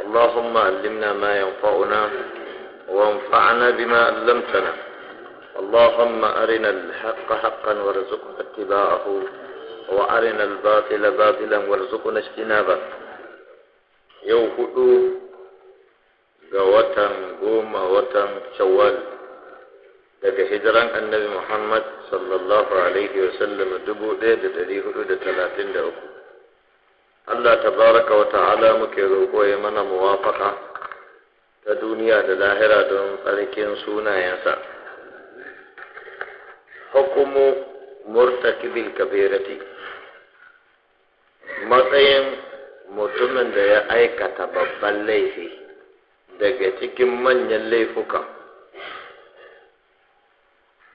اللهم علمنا ما ينفعنا وانفعنا بما علمتنا اللهم أرنا الحق حقا وارزقنا اتباعه وأرنا الباطل باطلا وارزقنا اجتنابه يو هدو غوتن غوم وتن شوال daga hijiran النبي محمد صلى الله عليه وسلم ɗaya da ɗari hudu da talatin Allah ta baraka wa ta'ala muke roƙo ya mana muwafaka ta duniya da lahira don tsarkin sunayensa hukumu murtakibil kabirati matsayin mutumin da ya aikata babban laifi daga cikin manyan laifuka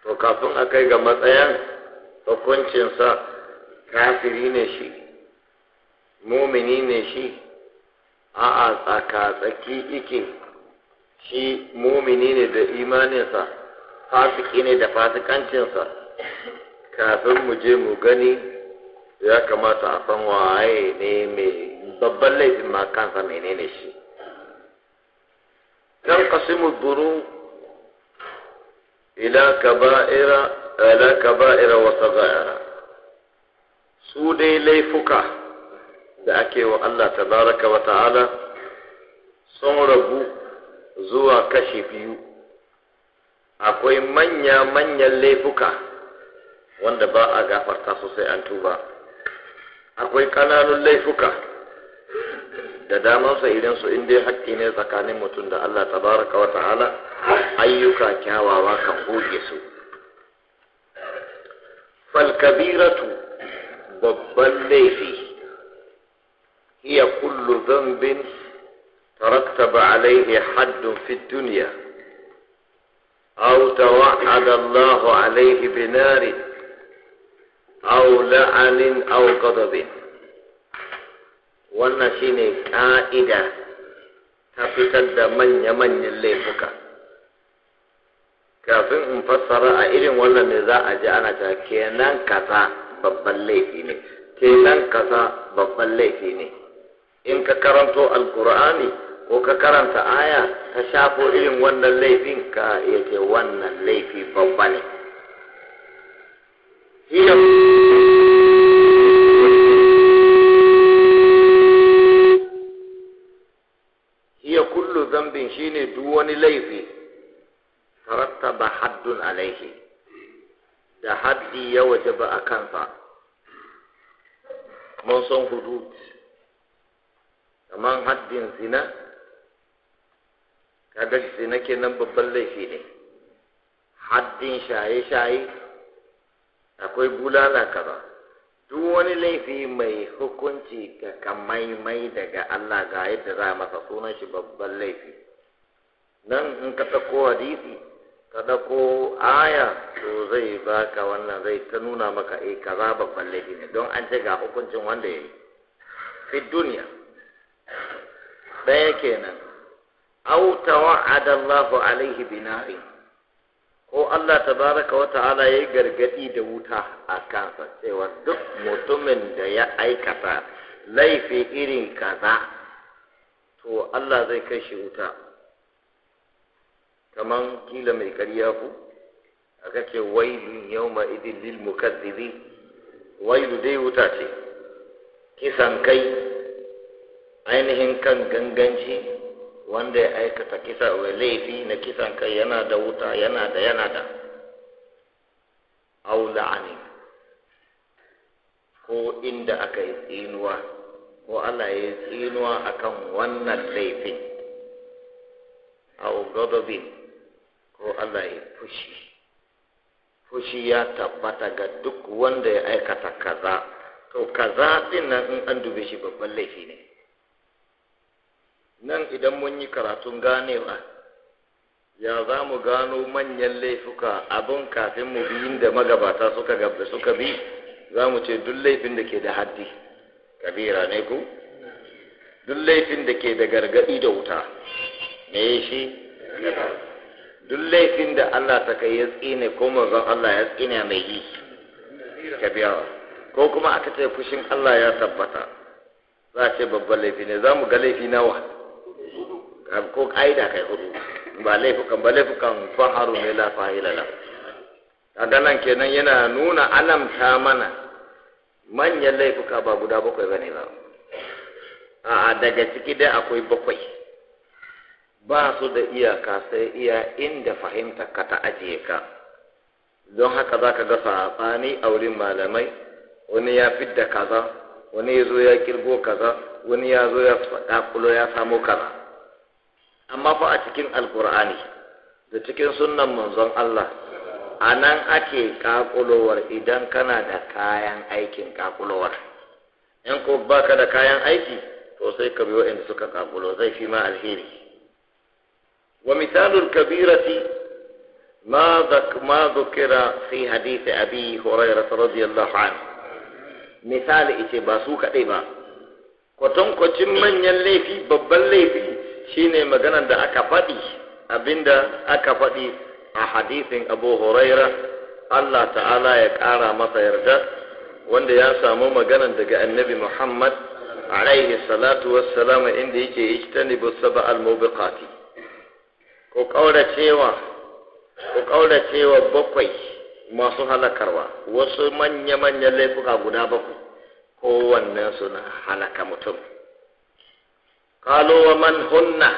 to kafin a kai ga matsayin hukuncinsa kafiri ne shi mumini ne shi a'a tsaka-tsaki ike shi mumini ne da imaninsa fasiki ne da fasikancinsa kafin mu je mu gani ya kamata a san waye ne mai babban laifin ma kansa menene shi kan kasimu duru ila kaba'ira ila kaba'ira wa saga'ira su dai laifuka da ake wa Allah tabaraka wa ta'ala sun rabu zuwa kashi biyu akwai manya-manyan laifuka wanda ba a gafarta sosai an tuba akwai ƙananun laifuka da damar damansa idan su inda ya haƙƙi ne tsakanin mutum da Allah tabaraka wa ta'ala ayyuka kyawawa kan goge su falkabiratu babban laifi هي كل ذنب ترتب عليه حد في الدنيا أو توعد الله عليه بنار أو لعن أو غضب wannan shi ne ƙa'ida ta fitar da manya-manyan laifuka kafin in fassara a irin wannan ne za a ji ana ta kenan kasa babban laifi ne kenan kasa babban laifi ne in ka karanto alkur'ani ko ka karanta aya ka shafo irin wannan laifin ka yake wannan laifi babba ne hiya kullu zambin shine duk wani laifi tarattaba haddun alaihi da haddi ya ba a kansa mun san hudu. kamar haddin zina kaga zina kenan babban laifi ne haddin shaye-shaye akwai bulala kaza duk wani laifi mai hukunci ga kamaimai daga Allah ga yadda za a masa sunan shi babban laifi nan in ka ɗauko hadisi ka ɗauko aya to zai baka wannan zai ta nuna maka eh kaza babban laifi ne don an ce ga hukuncin wanda ya yi fi duniya ɗaya kenan au tawa'ada Allahu alaihi binari ko Allah tabaraka wa ta'ala yayi gargadi da wuta a kansa cewa duk mutumin da ya aikata laifi irin kaza to Allah zai kai shi wuta Kamar kila mai karya ku aka ce wailun yawma idin lil wailu dai wuta ce kisan kai ainihin kan ganganci wanda ya aikata kisa wa laifi na kisan kai yana da wuta yana da yana da au la'ani ko inda aka yi tsinuwa ko Allah ya yi tsinuwa akan wannan laifin au gadabin ko Allah ya fushi fushi ya tabbata ga duk wanda ya aikata kaza to kaza din nan in an dube shi babban laifi ne nan idan mun yi karatun ganewa ya za mu gano manyan laifuka abin kafin mu biyin da magabata suka gabda suka bi za mu ce duk laifin da ke da haddi kabira ne ku duk laifin da ke da gargaɗi da wuta me shi duk laifin da Allah ta kai ya tsine ko manzon Allah ya tsine mai yi kabira ko kuma aka ce fushin Allah ya tabbata za a ce babban laifi ne za mu ga laifi nawa ko ka'ida kai hudu ba laifukan ba laifukan faharu ne la fahila la kaga nan kenan yana nuna alamta mana manyan laifuka ba guda bakwai ba ne ba a daga ciki dai akwai bakwai ba su da iyaka sai iya inda fahimta ka ta ajiye ka don haka za ka ga saɓani a wurin malamai wani ya fidda kaza wani ya zo ya kirgo kaza wani ya zo ya faɗa kulo ya samo kaza amma fa a cikin alkur'ani da cikin sunnan manzon Allah a nan ake kakulowar idan kana da kayan aikin kakulowar in ko baka da kayan aiki to sai ka biyo inda suka kakulo zai fi ma alheri wa misalul kabirati ما ذك ما ذكر في حديث أبي هريرة رضي الله عنه مثال ba su kadai ba. كتم من يلي في ببل في shine maganar da aka faɗi abinda aka faɗi a hadisin abu huraira Allah ta'ala ya ƙara masa yarda wanda ya samu maganan daga annabi Muhammad alaihi salatu wassalam inda yake ijtanibu saba al-mubiqati ko cewa ko cewa bakwai masu halakarwa wasu manya manya laifuka guda bakwai kowannen su na halaka mutum قالوا ومن هن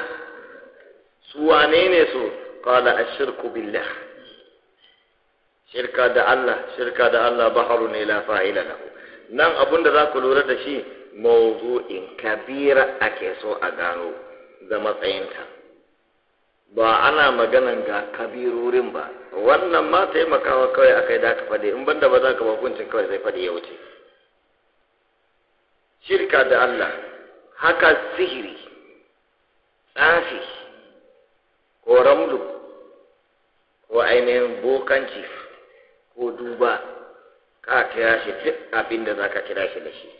سوانين سو قال الشرك بالله shirka da Allah shirka da Allah baharu ne la fa'ila lahu nan abunda za ku lura da shi mawzu'in kabira ake so a gano da matsayinta ba ana maganan ga kabirorin ba wannan ma taimakawa kawai akai da ka fade in banda ba za ka ba hukuncin kawai zai fade ya wuce shirka da Allah haka sihiri tsafi ko ramlu ko ainihin bokanci ko duba ka kira shi duk abin da za ka kira shi da shi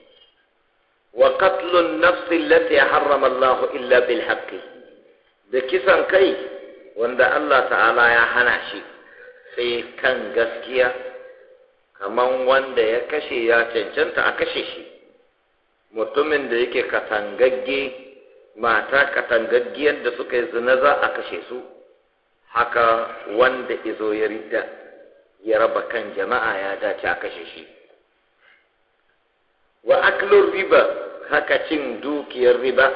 wa katlun nafsi lati harrama Allah illa bil haqqi da kisan kai wanda Allah ta'ala ya hana shi sai kan gaskiya kaman wanda ya kashe ya cancanta a kashe shi mutumin da yake katangagge mata katangaggiyar da suka yi zina za a kashe su haka wanda izo ya rida ya raba kan jama'a ya dace a kashe shi wa aklur riba haka cin dukiyar riba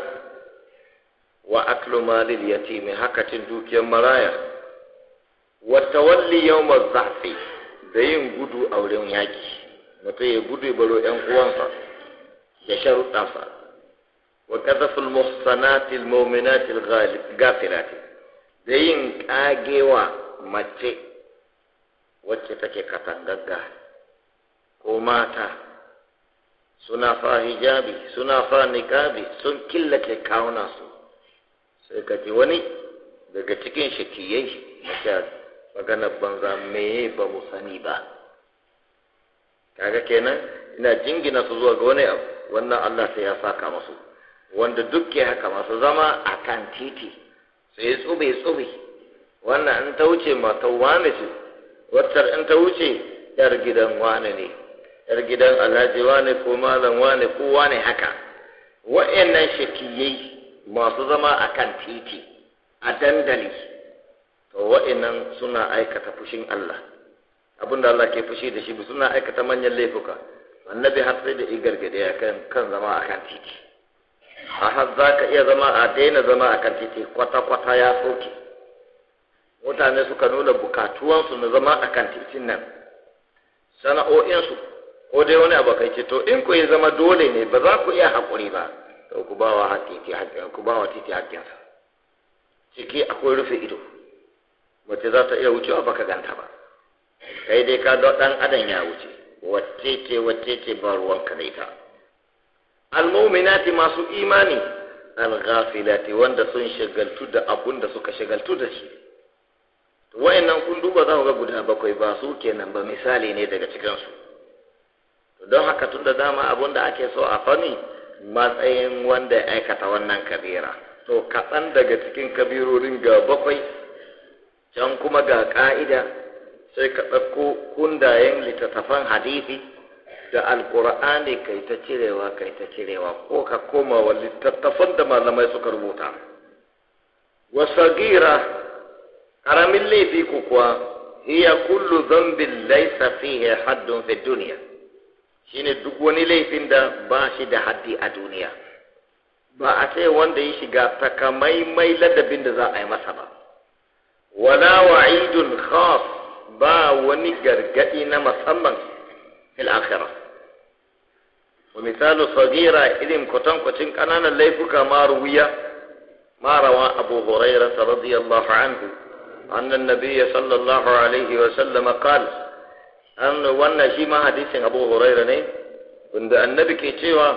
wa aklu malil yatimi haka cin dukiyar maraya wa tawalli yawmaz zahfi da yin gudu a wurin yaki mutum ya gudu baro yan uwansa da sharuɗa fa wa qadhful muhsanatil mu'minatil ghafirati da yin agewa mace wacce take katangagga ko mata suna fa hijabi suna fa niqabi sun killake kawuna su sai ka ji wani daga cikin shakiyai mace maganar banza me ba sani ba kaga kenan ina jingina su zuwa ga wani abu wannan Allah sai ya saka masu wanda duk ya haka masu zama a kan titi sai tsube tsube wannan in ta wuce mata wane ce wacar in ta wuce yar gidan wane ne yar gidan alhaji wane ko malam wane ko wane haka wa'annan shakiyai masu zama a kan titi a dandali to wa'annan suna aikata fushin Allah abinda Allah ke fushi da shi suna aikata manyan laifuka annabi har sai da i gargade a kan kan zama a kan titi a har za ka iya zama a daina zama a kan titi kwata-kwata ya soke mutane suka nuna bukatuwansu na zama a kan titin nan sana'o'insu ko dai wani abokai ce to in ku yi zama dole ne ba za ku iya haƙuri ba to ku ba wa titi haƙƙinsa ciki akwai rufe ido mace za ta iya wucewa baka ganta ba kai dai ka dan adam ya wuce Wacece, ce ba ruwan ka ita almu'minati masu imani alghafilati wanda sun shagaltu da abun da suka shagaltu da shi wayannan kun duba za ku ga guda bakwai ba su kenan ba misali ne daga cikinsu don haka tun da dama abun da ake so a fani matsayin wanda ya aikata wannan kabira to kaɗan daga cikin kabirorin ga bakwai can kuma ga ƙa'ida sai ka ɗauko kundayen littattafan hadisi da alkur'ani kai ta cirewa kai ta cirewa ko ka koma wa littattafan da malamai suka rubuta wasagira karamin laifi ku kuwa hiya kullu zambin laisa fihi haddun fi duniya shine duk wani laifin da ba shi da haddi a duniya ba a ce wanda ya shiga takamaimai ladabin da za a yi masa ba wala wa'idun khas ba wani gargadi na musamman fil akhirah wa misalu sagira kutan kwatankwacin kananan laifuka ma ruwiya ma rawa abu hurairah radiyallahu anhu anna أن النبي صلى الله عليه وسلم قال أن وانا شيما حديث أبو هريرة ني عند النبي كيتشيوا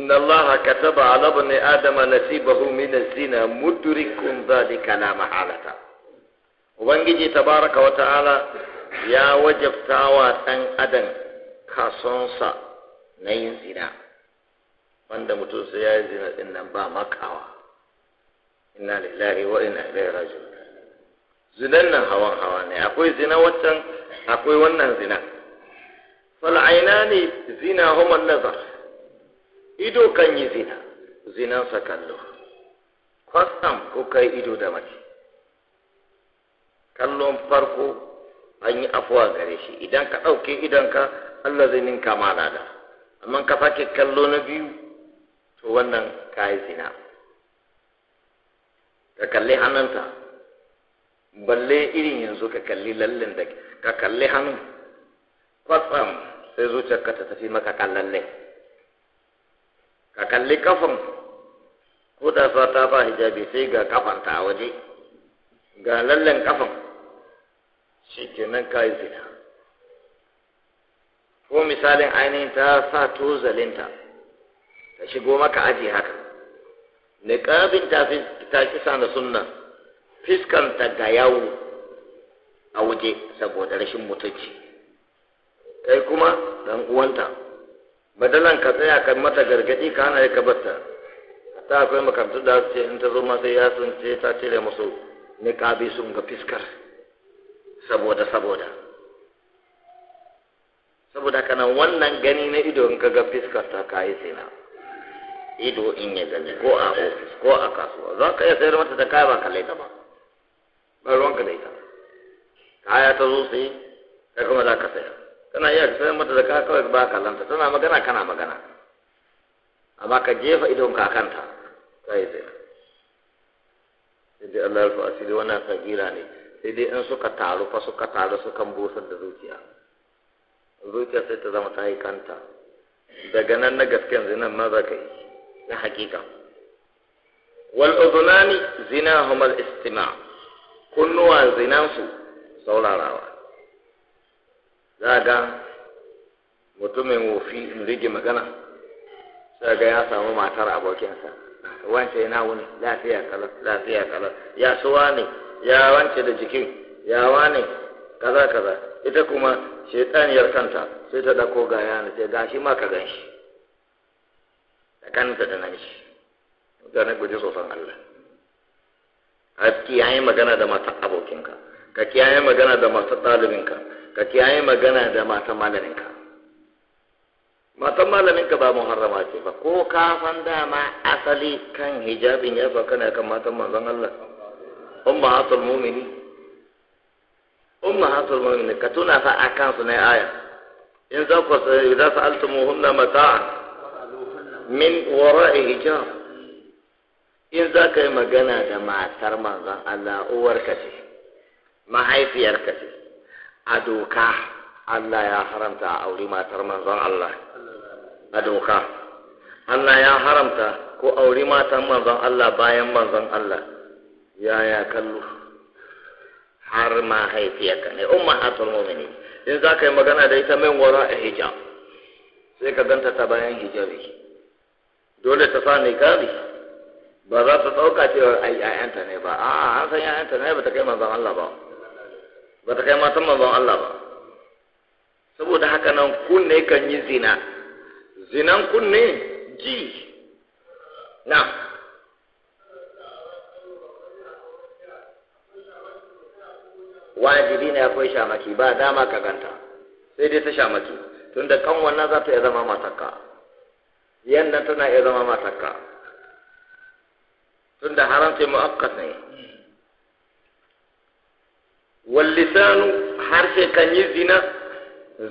إن الله كتب على ابن آدم نصيبه من الزنا مدرك ذلك لا محالة ubangiji tabaraka wa ta'ala ya wajabta wa ɗan adam kasonsa na yin zina wanda mutum sai ya yi zina ɗin nan ba makawa inna lillahi wa inna ilaihi raji'un zinan nan hawan hawa ne akwai zina waccan akwai wannan zina fal'aina ne zina homon nazar ido kan yi zina zinansa kallo kwastam ko kai ido da mace kallon farko an yi afuwa gare shi idan ka ɗauke idanka Allah zai ninka mana lada amma ka sake kallo na biyu to wannan ka yi zina ka kalli hannunta balle irin yanzu ka kalli lallin da ka kalli hannun kwatsam sai zuciyarka ta tafi maka ne ka kalli kafan ko da ta ba hijabi sai ga kafanta a waje ga lallen kafan shi nan ka yi zina ko misalin ainihin ta sa tozalinta ta shigo maka aji haka niƙabin ta kisa da sunna fiskanta da yawo a waje saboda rashin mutunci kai kuma dan uwanta badalan ka tsaya ka mata gargadi ka hana ka batta ta akwai makarantu da ce in ta zo ma sai ya sun ce ta cire musu niƙabi sun ga fiskar saboda saboda saboda kana wannan gani na ido in ka ga fiskar ta kayi sina ido in ya gani ko a ofis ko a kasuwa za ka iya sayar mata da kaya ba ka laita ba ba ruwan ka laita kaya ta zo sai ka kuma za ka sayar kana iya sayar mata da kaya kawai ba lanta tana magana kana magana amma ka jefa idon ka kanta kai sai sai dai Allah ya rufa asiri wannan sagira ne sai dai in suka taru fa suka taru sukan busar da zuciya zuciya sai ta zama ta yi kanta daga nan na gasken zinan ma za ka yi na hakika wal uzunani zina humal istima kunnuwa zinansu saurarawa za ga mutumin wofi in rige magana sai ga ya samu matar abokinsa wancan yana wuni lafiya kalas lafiya kalas ya suwa ne ya wance da jikin ya wane kaza kaza ita kuma shaitaniyar kanta sai ta dako ga yana sai ga shi ma ka gan shi da kanta da nan shi mutane guji tsoron Allah a kiyaye magana da mata abokinka ka kiyaye magana da mata ɗalibinka ka kiyaye magana da mata malaminka matan malaminka ba muharrama ce ba ko ka san dama asali kan hijabin ya fa kana kan matan manzon Allah ummahatul a ummahatul mu'mini ka tuna fa akan su ne aya in za ku idza sa'altumuhunna mata'an min wara'i hijab in za ka yi magana da matar manzon Allah uwarka ce mahaifiyarka ce a doka Allah ya haramta a auri matar manzon Allah a doka Allah ya haramta ko auri Allah bayan manzon Allah yaya kallo har ma haifiyarka ne umma hatul mumini in za ka yi magana da ita min wara a hijab sai ka ganta ta bayan hijabi dole ta sa kari ba za ta ɗauka cewa ai ayanta ne ba a'a an san ayanta ne ba ta kai manzon Allah ba ba ta kai matan manzon Allah ba saboda haka nan kunne kan yi zina zinan kunne ji na wajibi ne akwai shamaki ba dama ka ganta sai dai ta shamaki tunda kan wannan za ta iya zama matakka yannan tana iya zama matakka tunda haramta mu'akkas ne wallisanu harshe kan yi zina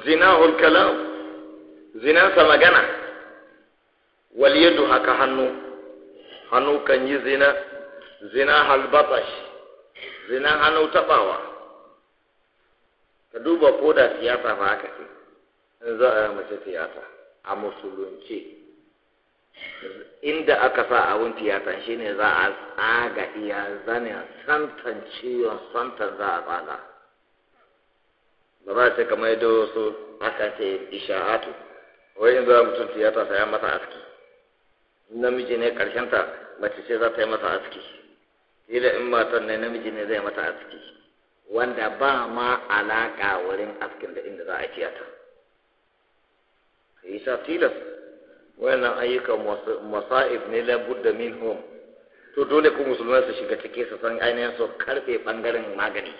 zina hulkalam zinansa magana waliyadu haka hannu hannu kan yi zina zina halbatash zina hannu taɓawa ka duba ko da siyasa ma aka ce in za a yi mace siyasa a musulunci inda aka sa abun shi ne za a tsaga iya a santan ciwon santan za a tsaga ba za ce kamar yadda wasu aka ce isha'atu wai in za mutum tiyata sai ya masa aski namiji ne karshenta mace ce za ta yi masa aski ila in matan ne namiji ne zai mata aski wanda ba ma alaƙa wurin askin da inda za a tiyata isa tilas wannan ayyukan masa'ib ne min home, to dole ku musulmai su shiga cike su san ainihin su karfe bangaren magani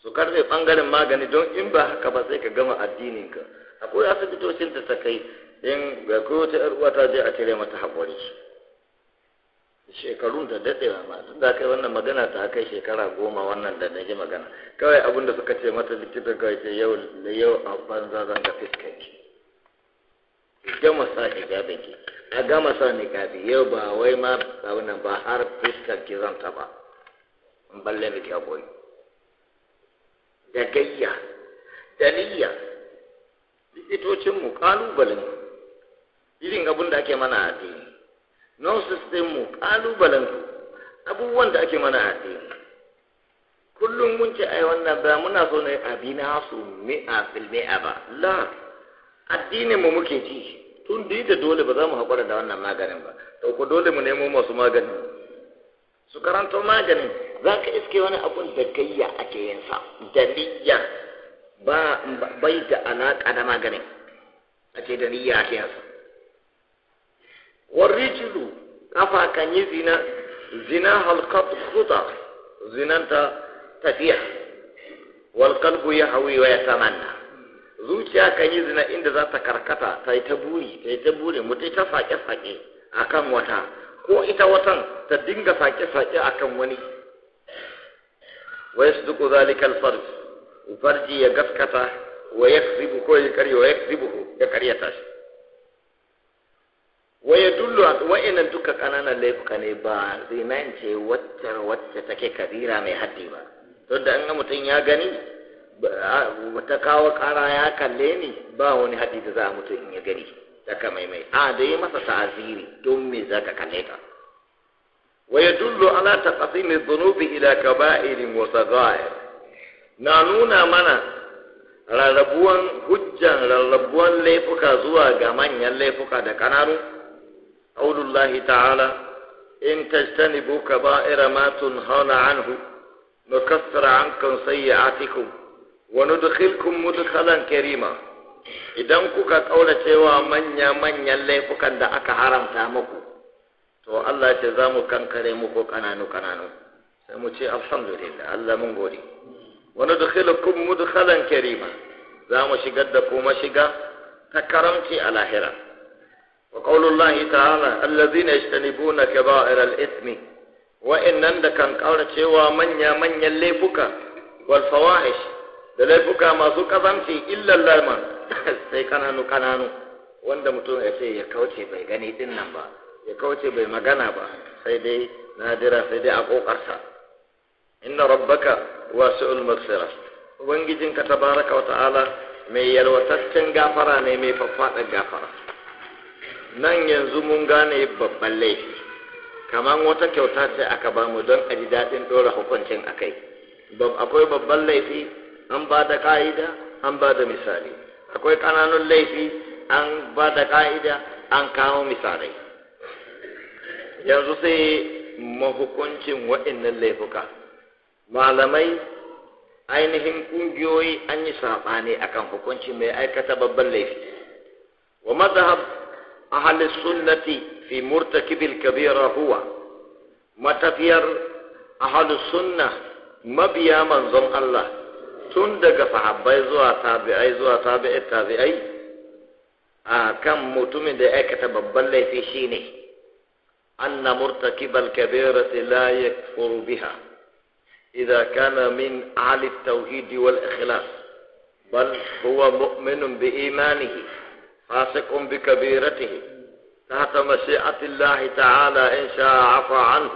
su karfe bangaren magani don in ba haka ba sai ka gama addininka akwai asibitocin da ta kai in ga kowace uwa ta je a cire mata haƙuri shekarun da dadewa ma tun da kai wannan magana ta kai shekara goma wannan da nake magana kawai abinda suka ce mata likita kawai ce yau yau a banza zan ga fiskanki gama sa hijabin ki a gama sa niqabi yau ba wai ma wannan ba har fiskar ki zan ba in balle miki hakuri da gayya da niyya likitocinmu ƙalubalen irin abin da ake mana addini nonsense ɗin mu ƙalubalen abubuwan da ake mana addini kullum mun ce ai wannan ba muna so ne abi na su a fil mi'a ba la addinin mu muke ji tun da da dole ba za mu haƙura da wannan maganin ba to ko dole mu nemo masu magani. su karanto maganin za ka iske wani abun da gayya ake yin sa da ba bai da alaƙa da maganin a da niyya ake yin sa warrijulu kafa kan yi zina zina halkat zinanta tafiya wal ya hawi wa yatamanna zuciya kan yi zina inda za ta karkata ta yi ta buri ta ta buri mutai ta fake-fake akan wata ko ita watan ta dinga fake-fake akan wani wa yasduqu zalika al-farj farji ya gaskata wa yakzibu ko ya karya wa yakzibu ya karyata shi waye dullu wa'annan duka kananan laifuka ne ba zinain ce wacce wacce take kabira mai haddi ba to da an ga mutum ya gani ta kawo kara ya kalle ni ba wani haddi da za a mutu in ya gani daga maimai a da yi masa ta'aziri don me za ka kalle ta waye dullu ala mai zunubi ila kaba'irin wasa sagair na nuna mana rarrabuwan hujjan rarrabuwan laifuka zuwa ga manyan laifuka da kananu قول الله تعالى إن تجتنبوا كبائر ما تنهون عنه نكفر عنكم سيئاتكم وندخلكم مدخلا كريما idan kuka cewa manya-manyan laifukan da aka haramta muku to Allah ce za mu kankare muku kananu-kananu sai mu ce alhamdulillah Allah mun gode wani dukkan mudkhalan karima za mu shigar da kuma shiga ta karamci a lahira وقول الله تعالى الذين يجتنبون كبائر الإثم وإن كان قول شوى من يا من laifuka والفواحش da laifuka masu kazanci illar larma sai kananu kananu wanda mutum ya ce ya kauce bai gani din nan ba ya kauce bai magana ba sai dai nadira sai dai a kokarsa inna rabbaka wasi'ul ka ubangijinka tabaraka wa ta'ala mai yalwataccen gafara ne mai faffaɗar gafara nan yanzu mun gane babban laifi kamar wata kyauta ce aka ba mu don a ji daɗin ɗora hukuncin a kai akwai babban laifi an ba da ka'ida an ba da misali akwai ƙananun laifi an ba da ka'ida an kawo misalai yanzu sai mahukuncin waɗannan laifuka malamai ainihin ƙungiyoyi an yi saɓani akan hukunci mai aikata babban laifi wa mazhab أهل السنة في مرتكب الكبيرة هو متفير أهل السنة مبيا من ظن الله تندق فحبي زوى تابعي زوى تابعي تابعي آه، كم متوم دي اكتب بلي في شينه أن مرتكب الكبيرة لا يكفر بها إذا كان من أهل التوحيد والإخلاص بل هو مؤمن بإيمانه فاسق بكبيرته تحت مشيئة الله تعالى إن شاء عفى عنه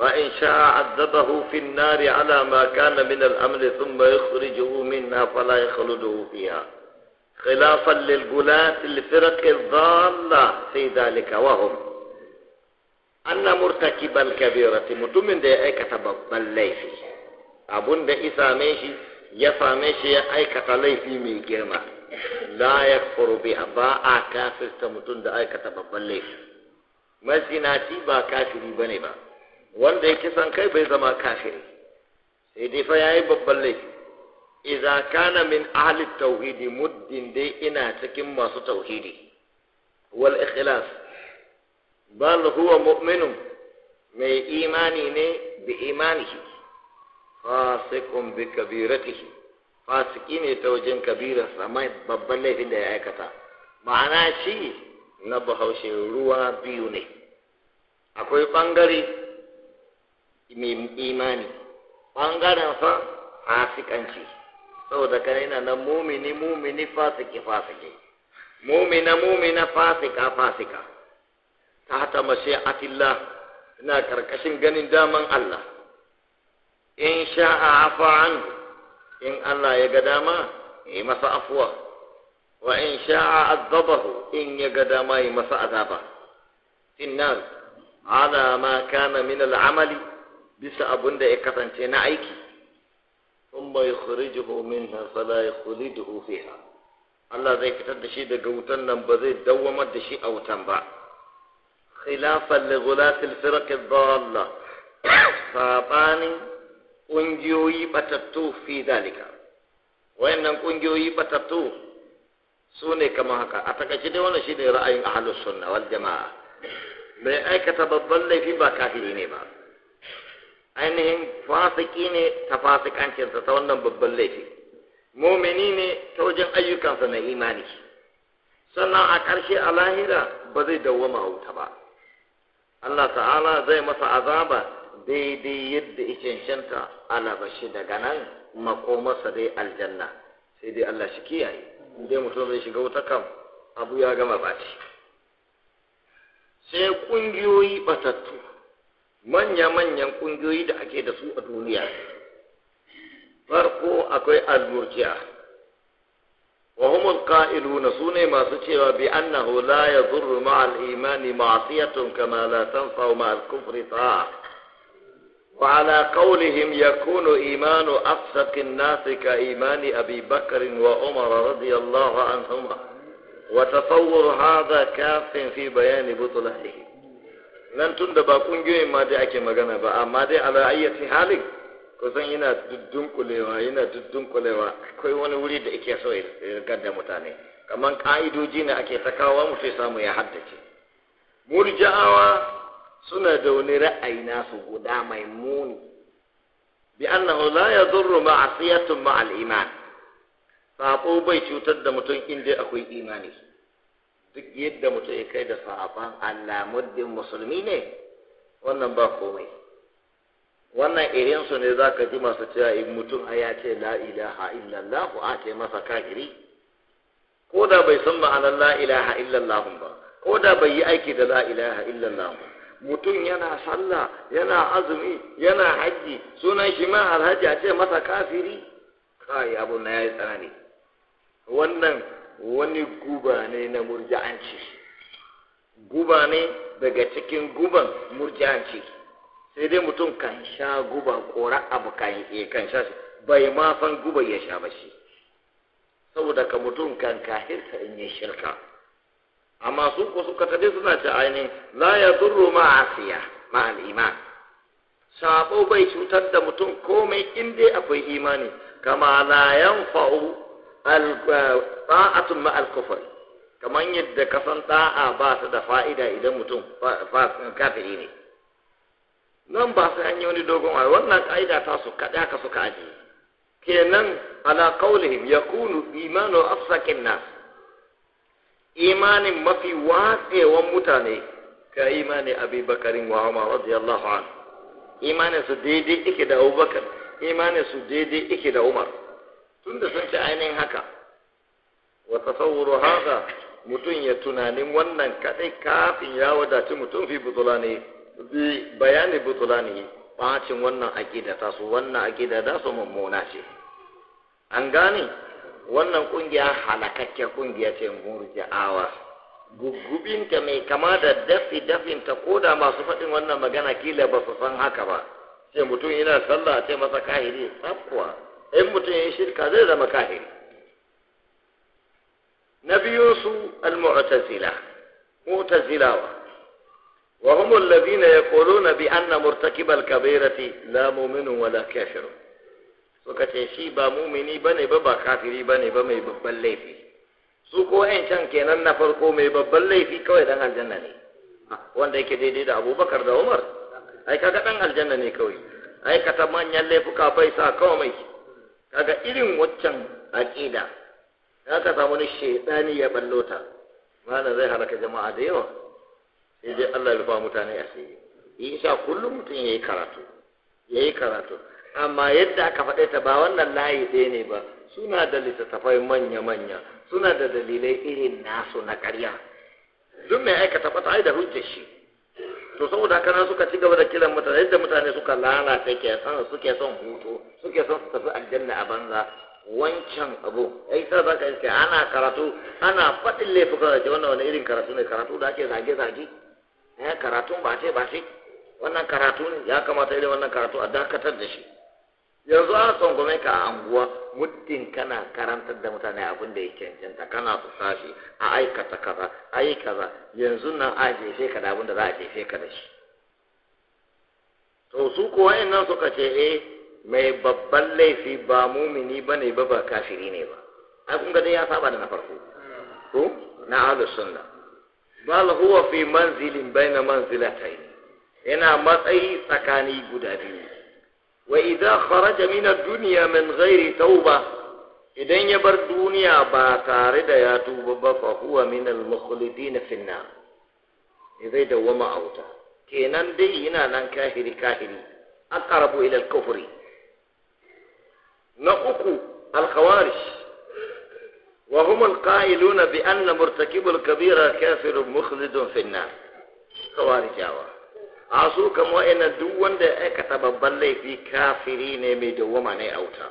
وإن شاء عذبه في النار على ما كان من الأمر ثم يخرجه منها فلا يخلده فيها خلافا للغلاة الفرق الضالة في ذلك وهم أن مرتكب الكبيرة متمن ده أيكة بالليفي أبون دي إساميشي يساميشي كتب ليفي من جرمان la yakfuru biha ba a kafirta mutum da aikata babban laifi masinaci ba kafiri bane ba wanda ya kisan kai bai zama kafiri sai dai fa yi babban laifi iza kana min ahli tauhidi muddin dai ina cikin masu tauhidi wal ikhlas bal huwa mu'minun mai imani ne bi imanihi fasiqun bi kabiratihi fasiki ne ta wajen kabira sama babban laifin da ya aikata ma'ana shi na bahaushe ruwa biyu ne akwai ɓangare mai imani ɓangaren fa fasikanci saboda kana yana na mumini mumini fasiki fasiki mumina mumina fasika fasika ta ta Atilla. ina karkashin ganin daman Allah in sha'a afa anhu in Allah ya ga dama yi masa afuwa wa in sha'a azabahu in ya ga dama yi masa azaba finnar ala ma kana min al'amali bisa abun da ya kasance na aiki thumma yukhrijuhu minha fala fi fiha Allah zai fitar da shi daga wutan nan ba zai dawwamar da shi a wutan ba khilafan li ghulatil firaq ad sabanin ƙungiyoyi batattu fi zalika wayannan ƙungiyoyi batattu su ne kamar haka a takaice dai wannan shine ra'ayin ahlus sunna wal jama'a Mai aikata babban laifi ba kafiri ne ba ainihin fasiki ne ta fasikancinsa ta wannan babban laifi mumini ne ta wajen ayyukansa na imani sannan a ƙarshe a lahira ba zai dawwama wuta ba Allah ta'ala zai masa azaba daidai yadda ya cancanta bashi daga nan makomarsa dai aljanna sai dai Allah shi kiyaye dai mutum zai shiga wuta kam abu ya gama baci sai kungiyoyi batattu manya-manyan kungiyoyi da ake da su a duniya farko akwai al-murji'a wa hum al-qa'iluna sune masu cewa bi annahu la yadhurru ma'al imani ma'siyatun kama la tanfa'u ma'al kufri ta'a وعلى قولهم يكون إيمان أفسق الناس كإيمان أبي بكر وعمر رضي الله عنهما وتصور هذا كاف في بيان بطلانه nan tun da ba ƙungiyoyin ma dai ake magana ba amma dai ala ayyati halin kusan yana duddunkulewa yana akwai wani wuri da ake so ya da mutane kamar ka'idoji ne ake ta kawo mutum samu ya haddace suna da wani ra'ayi nasu guda mai muni bi annahu la yadurru ma'asiyatun ma'al iman sabo bai cutar da mutum inda akwai imani duk yadda mutum ya kai da sa'afan Allah muddin musulmi ne wannan ba komai wannan irin su ne zaka ji masu cewa in mutum a ya ce la ilaha illallah ko ake masa kafiri ko da bai san ma'anar la ilaha illallah ba ko da bai yi aiki da la ilaha illallah ba mutum yana sallah yana azumi yana haji sunan shi ma alhaji a ce masa kafiri kai abu na yayi tsanani wannan wani guba ne na murja'anci guba ne daga cikin guban murji'anci sai dai mutum kan sha guba kora abu kan eh, kan sha shi. bai ma san guba ya sha ba shi saboda ka mutum kan kahirta in yi shirka amma su ko suka tafi suna ce aini la ya zurru ma'asiya ma iman sabo bai cutar da mutum komai in dai akwai imani kama la yanfa'u eh, ta'atun ma'al kufr kamar yadda kasan da'a ba su da fa'ida idan mutum kafiri ne nan ba sai an yi wani dogon wani wannan ka'ida ta su kaɗa ka suka ajiye kenan ala qaulihim yakunu imanu afsakin nas imanin mafi watsewan mutane ka imani abubakarin wa umar radiyallahu an imanin su daidai ike da abubakar imanin su daidai ike da umar tunda sun ci ainihin haka wa tasawwuru haza, mutum ya tunanin wannan kadai kafin ya wadaci mutum fi butulani bi bayani butulani bacin wannan aqida ta su wannan aqida da su mummuna ce an gane wannan kungiya halakakken kungiya ce awa. gugubinta mai kama da dafi dafinta ko da masu faɗin wannan magana kila ba su san haka ba sai mutum yana sallah ce masa kahiri tsakkuwa in mutum ya shirka zai zama kahiri na biyu su al-mu'tazila mu'tazilawa wa hum alladhina yaquluna bi anna murtakibal kabirati la mu'minun wala kafirun suka ce shi ba mumini ne ba ba kafiri ne ba mai babban laifi su ko can kenan na farko mai babban laifi kawai dan aljanna ne ah, wanda yake daidai da abubakar da umar ai kaga dan aljanna ne kawai ta manyan laifuka bai sa kawai mai kaga irin waccan aqida ya ka samu ni shaidani ya ballo ta mana zai halaka jama'a da yawa sai dai Allah ya rufa mutane asiri insha kullum mutun yayi karatu yayi karatu amma yadda aka faɗe ta ba wannan layi ɗaya ne ba suna da littattafai manya-manya suna da dalilai irin nasu na ƙarya duk mai aikata fata da hujjar shi to saboda haka nan suka ci gaba da kiran mutane yadda mutane suka lalata ke san suke son hutu suke son su tafi aljanna a banza wancan abu ai sai za ka iske ana karatu ana faɗin laifukan da wannan wani irin karatu ne karatu da ake zage-zage eh karatun ba ce ba ce wannan karatu ne ya kamata irin wannan karatu a dakatar da shi yanzu an gwamnati ka a anguwa muddin kana karantar da mutane abin da ya cancanta kana su sashi a aikata kaza yi kaza yanzu nan a jefe ka da abin da za a jefe ka da shi to su kuwa in nan suka ce eh mai babban laifi ba mumini ba ne ba ba kafiri ne ba ai kun dai ya saba da na farko ko na ahlus sunna bal huwa fi manzilin baina manzilatayn yana matsayi tsakani guda biyu وإذا خرج من الدنيا من غير توبة إذن يبر الدنيا باتارد يا توبة فهو من المخلدين في النار إذا دوم أوتا كينان دي هنا نان كاهري كاهري أقرب إلى الكفر نقوكو الخوارج وهم القائلون بأن مرتكب الكبيرة كافر مخلد في النار خوارج عوام a su kama wa'annan duk wanda ya aikata babban laifi kafiri ne mai dawwama ne wuta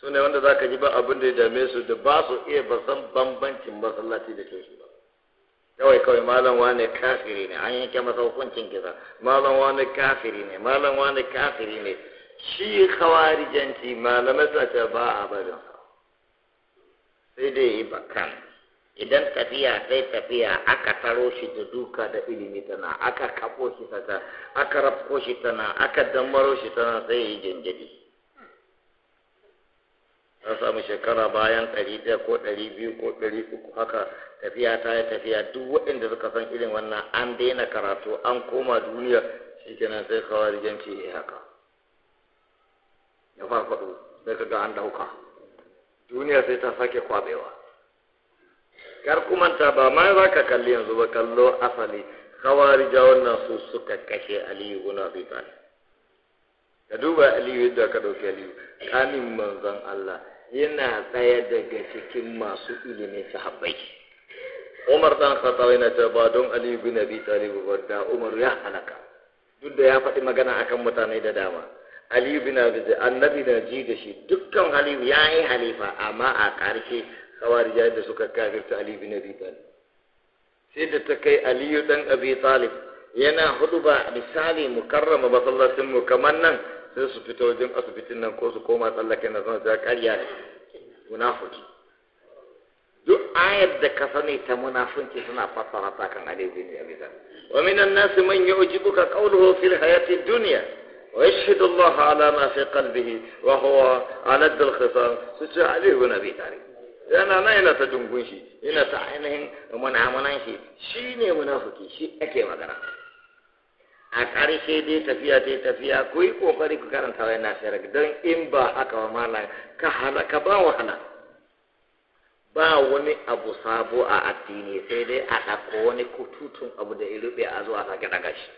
su ne wanda zaka ji ba abin da ya dame su da ba su iya ba san bambancin masallaci da coci ba kawai kawai malam wani kafiri ne an yanke masa hukuncin kisa malam wani kafiri ne malam wani kafiri ne shi khawarijanci malamai sa ba a barin sai dai yi bakan idan tafiya sai tafiya aka taro shi da duka da ilimi tana aka kafo shi tana aka rafko shi tana aka dambaro shi tana sai ya yi jinjiri Ta samu shekara bayan ɗari ɗaya ko ɗari biyu ko ɗari uku haka tafiya ta yi tafiya duk waɗanda suka san irin wannan an daina karatu an koma duniya shikenan sai kawai rigenci ya haka ya faɗo, sai ka ga an ɗauka duniya sai ta sake kwabewa kar kumanta ba ma za ka kalli yanzu ba kallo asali khawarija wannan su suka kashe aliyu ibn abi talib ka duba aliyu yadda ka dauki aliyu kamin manzon Allah yana tsaya daga cikin masu ilimi ilimin sahabbai Umar dan Khattab yana cewa ba don Aliyu bin Abi Talib ba da Umar ya halaka duk da ya faɗi magana akan mutane da dama Aliyu bin Abi Talib annabi da ji da shi dukkan Aliyu ya yi halifa amma a ƙarshe خوارج جاي دسوك كافر علي بن ابي طالب سيد التكي علي بن ابي طالب ينا خطبة مثالي مكرمة بطلة سمو كمانا سيسو فتو جم أسو فتنا كوسو كوما تالا كنا زنا زاك أليا منافقي دو آية دكاثني تمنافن كسنا فطرة تاكن علي بن ابي طالب ومن الناس من يعجبك قوله في الحياة الدنيا ويشهد الله على ما في قلبه وهو على الخصام سيد علي بن ابي yana nan yana ta dungun shi yana ta ainihin munamunan shi shi ne munafuki shi ake magana a ƙarshe dai tafiya dai tafiya ku yi ƙoƙari ku karanta wa yana shara don in ba haka wa mala ka ka ba wahala ba wani abu sabo a addini sai dai a ɗako wani kututun abu da ya rufe a zuwa sake ɗaga shi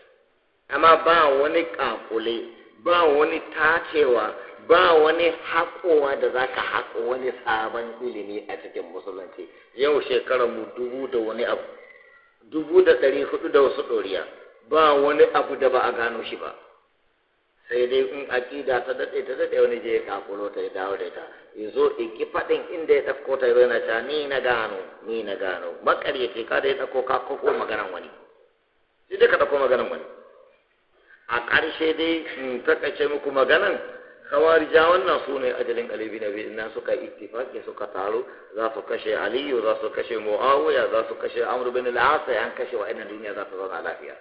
amma ba wani ƙaƙule ba wani tacewa ba wani haƙowa da za ka haƙo wani sabon ilimi a cikin musulunci yau shekarar mu dubu da wani abu dubu da ɗari hudu da wasu ɗoriya ba wani abu da ba a gano shi ba sai dai in aƙida ta daɗe ta daɗe wani je ya kakuro ta ya dawo da ta ya zo ki faɗin inda ya ɗauko ta ya na ta ni na gano ni na gano ce ka da ya ɗauko ka ko maganan wani sai dai ka ɗauko maganan wani a ƙarshe dai in takaice muku maganan khawarija wannan su ne ajalin Ali bin Abi na suka ittifaki suka taru za su kashe Aliyu za su kashe Muawiya za su kashe Amr bin al-As an kashe wa innan duniya za ta zauna lafiya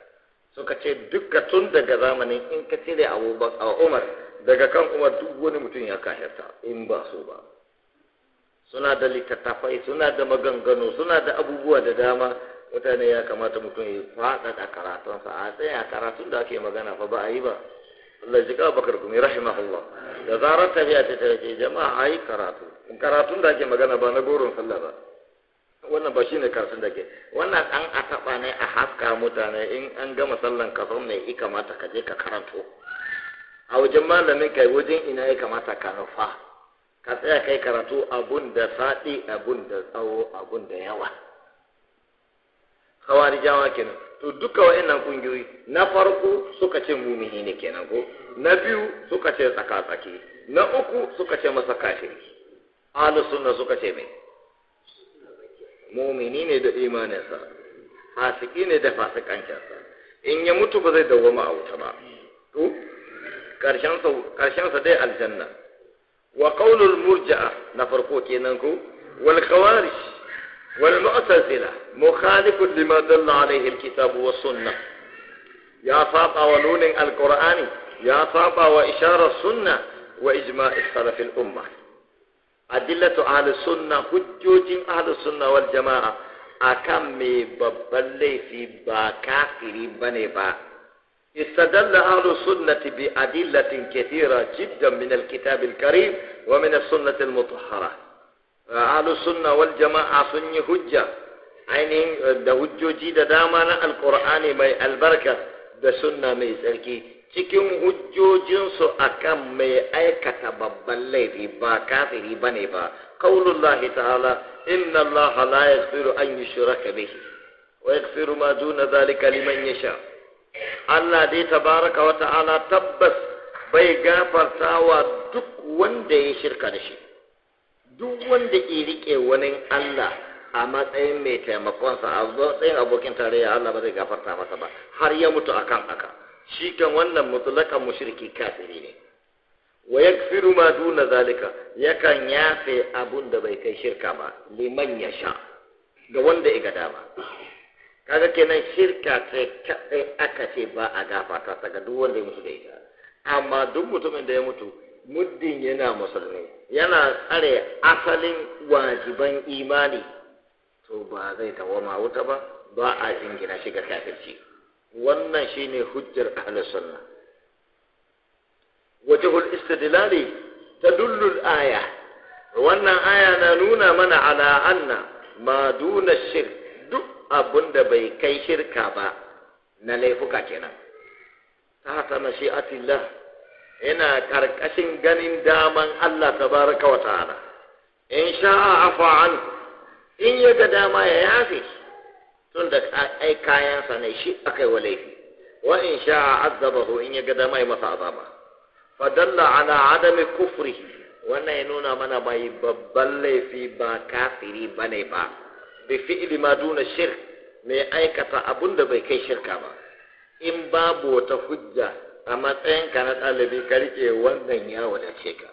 suka ce duka tun daga zamanin in ka cire Abubakar Umar daga kan Umar duk wani mutum ya kashirta in ba su ba suna da littattafai suna da maganganu suna da abubuwa da dama mutane ya kamata mutum ya karatun karatunsa a tsaya karatun da ake magana fa ba a yi ba Allah ji ka bakar kuma rahimahullah da zarar tafiya ta tafiya jama'a a yi karatu karatun da ake magana ba na goron sallah ba wannan ba shine karatun da ke wannan an a taba ne a haska mutane in an gama sallan ka zo ne i kamata ka je ka karanto a wajen malamin kai wajen ina ya kamata ka nufa ka tsaya kai karatu abun da sadi abun da tsawo abun da yawa khawarijawa kenan to duka wa'annan kungiyoyi na farko suka ce mumihi ne kenan ko na biyu suka ce tsaka-tsaki na uku suka ce masa kafiri ahlus sunna suka ce mai mumini ne da imaninsa fasiki ne da fasikancinsa in ya mutu ba zai dawwama a wuta ba to karshen sa dai aljanna wa qaulul murja na farko kenan ko wal khawarij والمعتزلة مخالف لما دل عليه الكتاب والسنة يا فاطا ونون القرآن يا فاطا وإشارة السنة وإجماع السلف الأمة أدلة أهل السنة حجوج أهل السنة والجماعة أكم ببلي في با كافر بنبا استدل أهل السنة بأدلة كثيرة جدا من الكتاب الكريم ومن السنة المطهرة ahlus sunna wal jama'a sun yi hujja ainihin eh, da hujjoji da dama na alkur'ani mai albarka da sunna mai tsarki cikin hujjojinsu a kan mai aikata babban laifi ba kafiri ne ba qaulullahi ta'ala inna allaha la yaghfiru an yushraka bihi wa yaghfiru ma duna zalika liman yasha Allah dai tabaraka wa ta'ala tabbas bai gafarta wa duk wanda ya shirka da shi duk wanda ke rike wani Allah a matsayin mai taimakonsa a matsayin abokin tarayya Allah ba zai gafarta masa ba har ya mutu akan haka shi kan wannan mutulakan mushriki kafiri ne wa yakfiru ma duna zalika yakan yafe abun da bai kai shirka ba liman ya sha ga wanda ya ga dama kaga kenan shirka ce kaɗai aka ce ba a gafarta ta ga duk wanda ya mutu da ita amma duk mutumin da ya mutu muddin yana musulmi yana tsare asalin wajiban imani to ba zai tawama wuta ba ba a jingina shiga kafirci wannan shine hujjar ahlus sunna wajhul istidlali tadullu al-aya wannan aya na nuna mana ala anna ma duna shirk duk abunda bai kai shirka ba na laifuka kenan ta hata atillah Ina karkashin ganin daman Allah tabaraka wa ta'ala in sha'a afa an in ya ga dama ya yafe tun da ai kayansa ne shi akai wa laifi wa in sha'a azabahu in ya ga dama ya masa azaba fa dalla ala adami kufri wannan ya nuna mana mai babban laifi ba kafiri bane ba bi fi'li ma duna shirk mai aikata abunda bai kai shirka ba in babu wata hujja a matsayin ka na ɗalibi ka riƙe wannan ya wadace ka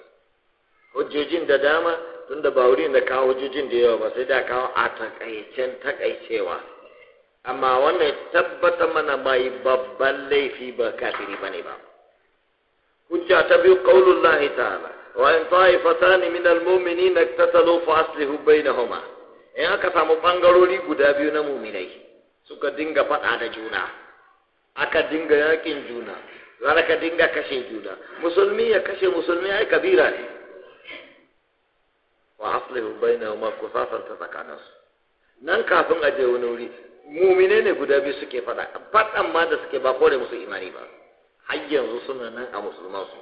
hujjojin da dama tun da ba wuri da kawo hujjojin da yawa ba sai da kawo a takaicen takaicewa amma wannan tabbata mana mai babban laifi ba kafiri ne ba hujja ta biyu qaulullahi ta'ala wa in ta'ifatan min almu'minina iktatalu fa aslihu homa in aka samu bangarori guda biyu na mu'minai suka dinga faɗa da juna aka dinga yakin juna zara ka dinga kashe juna musulmi ya kashe musulmi ai kabira ne wa aslihu bainahuma kusafan ta tsakaninsu nan kafin a je wani wuri mumine ne guda biyu suke faɗa fadan ma da suke ba kore musu imani ba har yanzu suna nan a musulman su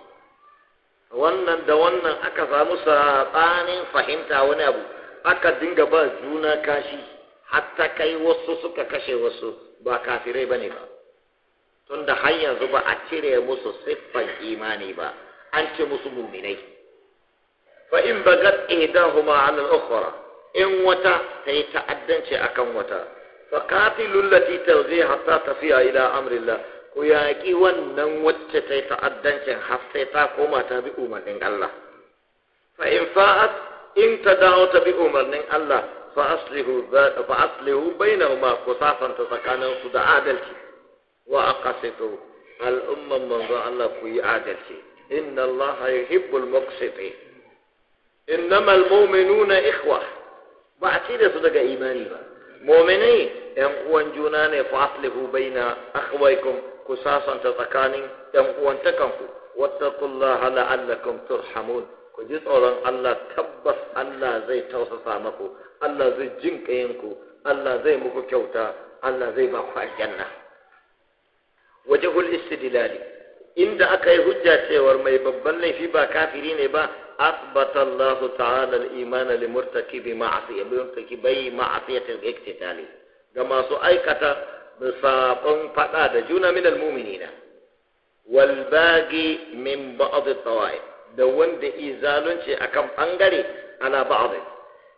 wannan da wannan aka samu saɓanin fahimta wani abu aka dinga ba juna kashi hatta kai wasu suka kashe wasu ba kafirai ba ne ba tun da har yanzu ba a cire musu siffan imani ba an ce musu muminai fa in bagat ihdahuma ala al-ukhra in wata ta yi ta'addanci akan wata fa qatilul lati tawzi hatta tafiya ila amrillah ku yaƙi wannan wacce ta yi ta'addancin har sai ta koma ta bi umarnin Allah fa in fa'at in ta dawo ta bi umarnin Allah fa aslihu fa aslihu bainahuma ku safanta tsakaninsu da adalci وأقسطوا الأمة منذ الله في عادتي إن الله يحب المقسطين إنما المؤمنون إخوة بعتيدة صدق إيماني مؤمنين ينقوان جنان فأصله بين أخويكم كساسا تتكانين ينقوان تكنفوا واتقوا الله لعلكم ترحمون ku أولاً الله تبس الله زي توسى سامكو الله زي جنك ينكو الله زي مكو كوتا الله زي ba الجنة wajahul istidlali inda aka yi hujja cewar mai babban laifi ba kafiri ne ba asbata Allah ta'ala al-imana li murtakibi ma'asiyati murtakibai ma'asiyatin iktitali ga masu aikata sabon fada da juna min al-mu'minina wal bagi min ba'd at-tawa'i da wanda izalunci akan bangare ala ba'd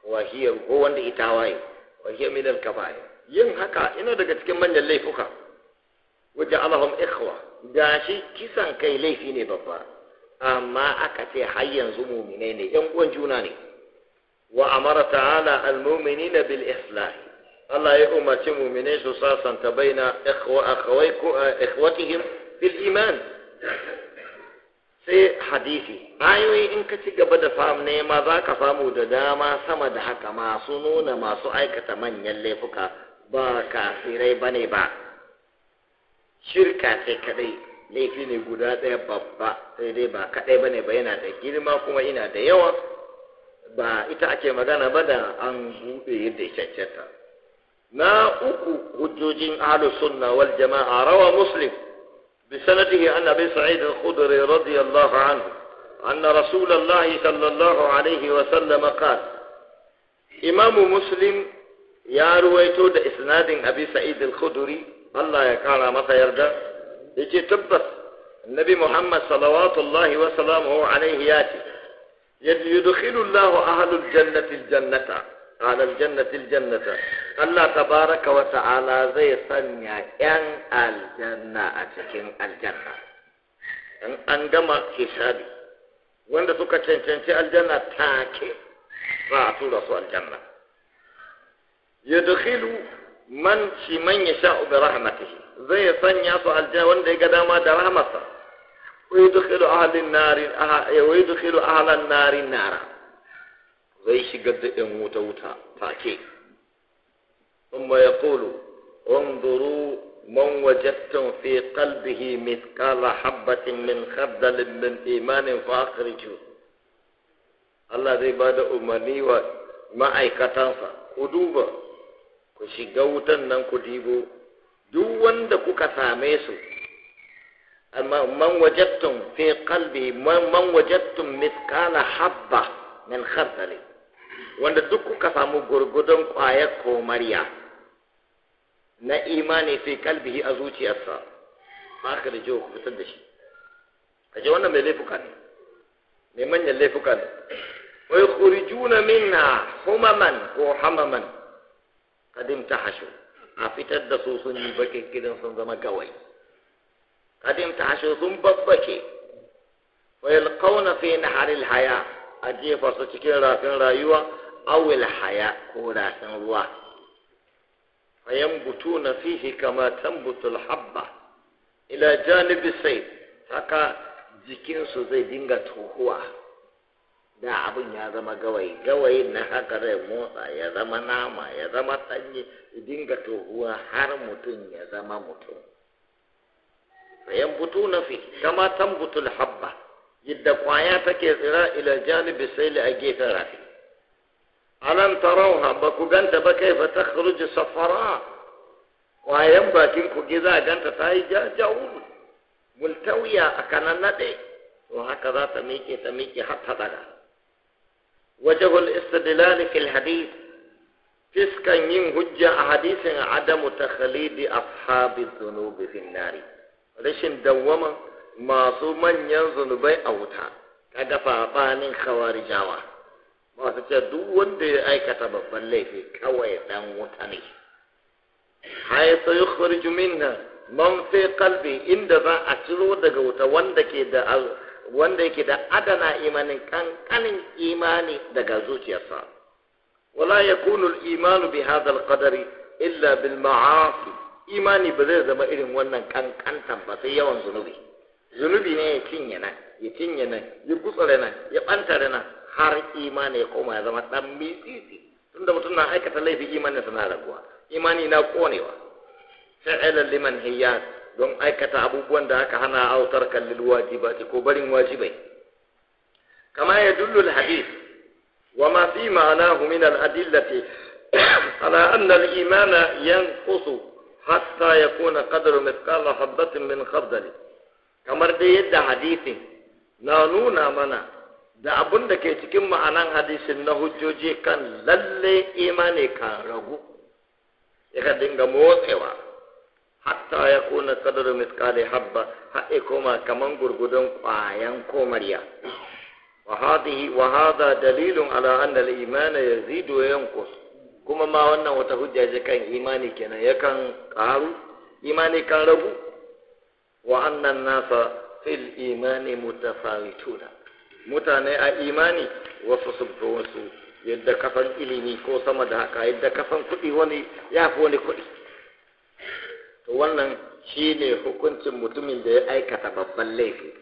wa hiya ko wanda itawaye wa hiya min al-kabair yin haka ina daga cikin manyan laifuka waja'alahum ikhwa gashi kisan kai laifi ne babba amma aka ce har yanzu mu'minai ne yan uwan juna ne wa amara ta'ala al bil islah Allah ya umarci mu'minai su sasanta baina ikhwa ikhwatihim bil iman sai hadisi ayoyi in ka ci gaba da fam nema za ka samu da dama sama da haka masu nuna masu aikata manyan laifuka ba kasirai bane ba shirka ce kadai laifi ne guda ɗaya babba sai dai ba kadai bane ba yana da girma kuma ina da yawa ba ita ake magana ba da an buɗe yadda cancanta na uku hujjojin ahlu sunna wal jama'a rawa muslim بسنده عن أبي ya الخدري رضي الله عنه أن رسول sallallahu alaihi wa عليه وسلم Imamu Muslim ya ruwaito da دا إسناد Sa'id al الخدري الله يكالا ما يرجع يجي تبث النبي محمد صلوات الله وسلامه عليه ياتي يدخل الله أهل الجنة الجنة على الجنة الجنة الله تبارك وتعالى زي سنة أن الجنة أتكين الجنة أن أنجم كشادي وين تسوك تين تين تين الجنة تاكي راتو رسو الجنة يدخل man shi man ya sha bi rahmatihi zai ya sanya su aljanna wanda ya ga dama da rahmasa wai dukhilu ahlin nari aha wai dukhilu ahlan nari nara zai shiga da in wuta wuta take kuma ya qulu unduru man wajadtum fi qalbihi mithqala habatin min khardal min imanin fa akhriju Allah zai ba da umarni wa ma'aikatansa ku duba ku shiga wutan nan ku dibo duk wanda kuka same su man wajattum fi qalbi man wajattum mithqala habba min khardali wanda duk kuka samu gurgudun ko komariya na imani fi kalbihi a zuciyarsa ba ka da jiwa ku fitar da shi kaje wannan mai laifuka ne mai manyan laifuka ne wai kurijuna minna humaman ko hamaman kadim ta hashu a fitar da su sun yi bakin gidan sun zama gawai kadim ta hashu sun babbake wayal kauna na naharil haya a jefar su cikin rafin rayuwa awil haya ko rafin ruwa Kayan butu na fihi kama tambutul habba ila janibi sai haka jikinsu zai dinga tuhuwa. da abin ya zama gawayi gawayin na haka zai motsa ya zama nama ya zama sanyi dinga tohuwa har mutum ya zama mutum fayan na fi kama tambutul habba yadda kwaya take tsira ila janibi sai a gefen rafi alam tarauha ba ku ganta ba kai fa ta kharuji safara kwayan bakin ku gi za ganta ta yi jajawul multawiya a kanan naɗe to haka za ta miƙe ta miƙe har ta daga wajahul الاستدلال في الحديث fiskan yin hujja a hadisin adamu ta khalidi ashabi zunubi fin nari rashin dawwama masu manyan zunubai a wuta kada fafanin khawarijawa masu ce duk wanda ya aikata babban laifi kawai dan wuta ne haitu yukhriju minna man fi qalbi inda za a ciro daga wuta wanda ke da wanda yake da adana imanin kankanin imani daga zuciyarsa wala yakunu al-imanu bi hadha al-qadari illa bil ma'asi imani ba zai zama irin wannan kankantan ba sai yawan zunubi zunubi ne ya cinye nan ya cinye ya gutsare nan ya banta nan har imani ya koma ya zama dan misisi. tunda mutum na aikata laifi imanin sa na raguwa imani na konewa fi'lan liman hiyat don aikata abubuwan da aka hana autar kallil wajibati ko barin wajibai kama ya dullu hadith wa ma fi ma'anahu min aladillati ala anna al-imana yanqusu hatta yakuna qadru mithqal habatin min khardal kamar da yadda hadithin na nuna mana da abun da ke cikin ma'anan hadisin na hujjoji kan lalle imani kan ragu ya ka dinga motsewa hatta ya kuna kadar miskali habba haɗe koma kaman gurgudun ƙwayan komariya wa hada dalilun ala annal imana yazidu wa yanqus kuma ma wannan wata hujja ce kan imani kenan yakan ƙaru imani kan ragu wa annan nasa fil imani mutafawituna mutane a imani wasu su wasu yadda kafan ilimi ko sama da haka yadda kafan kuɗi wani ya fi wani kuɗi to wannan shi ne hukuncin mutumin da ya aikata babban laifi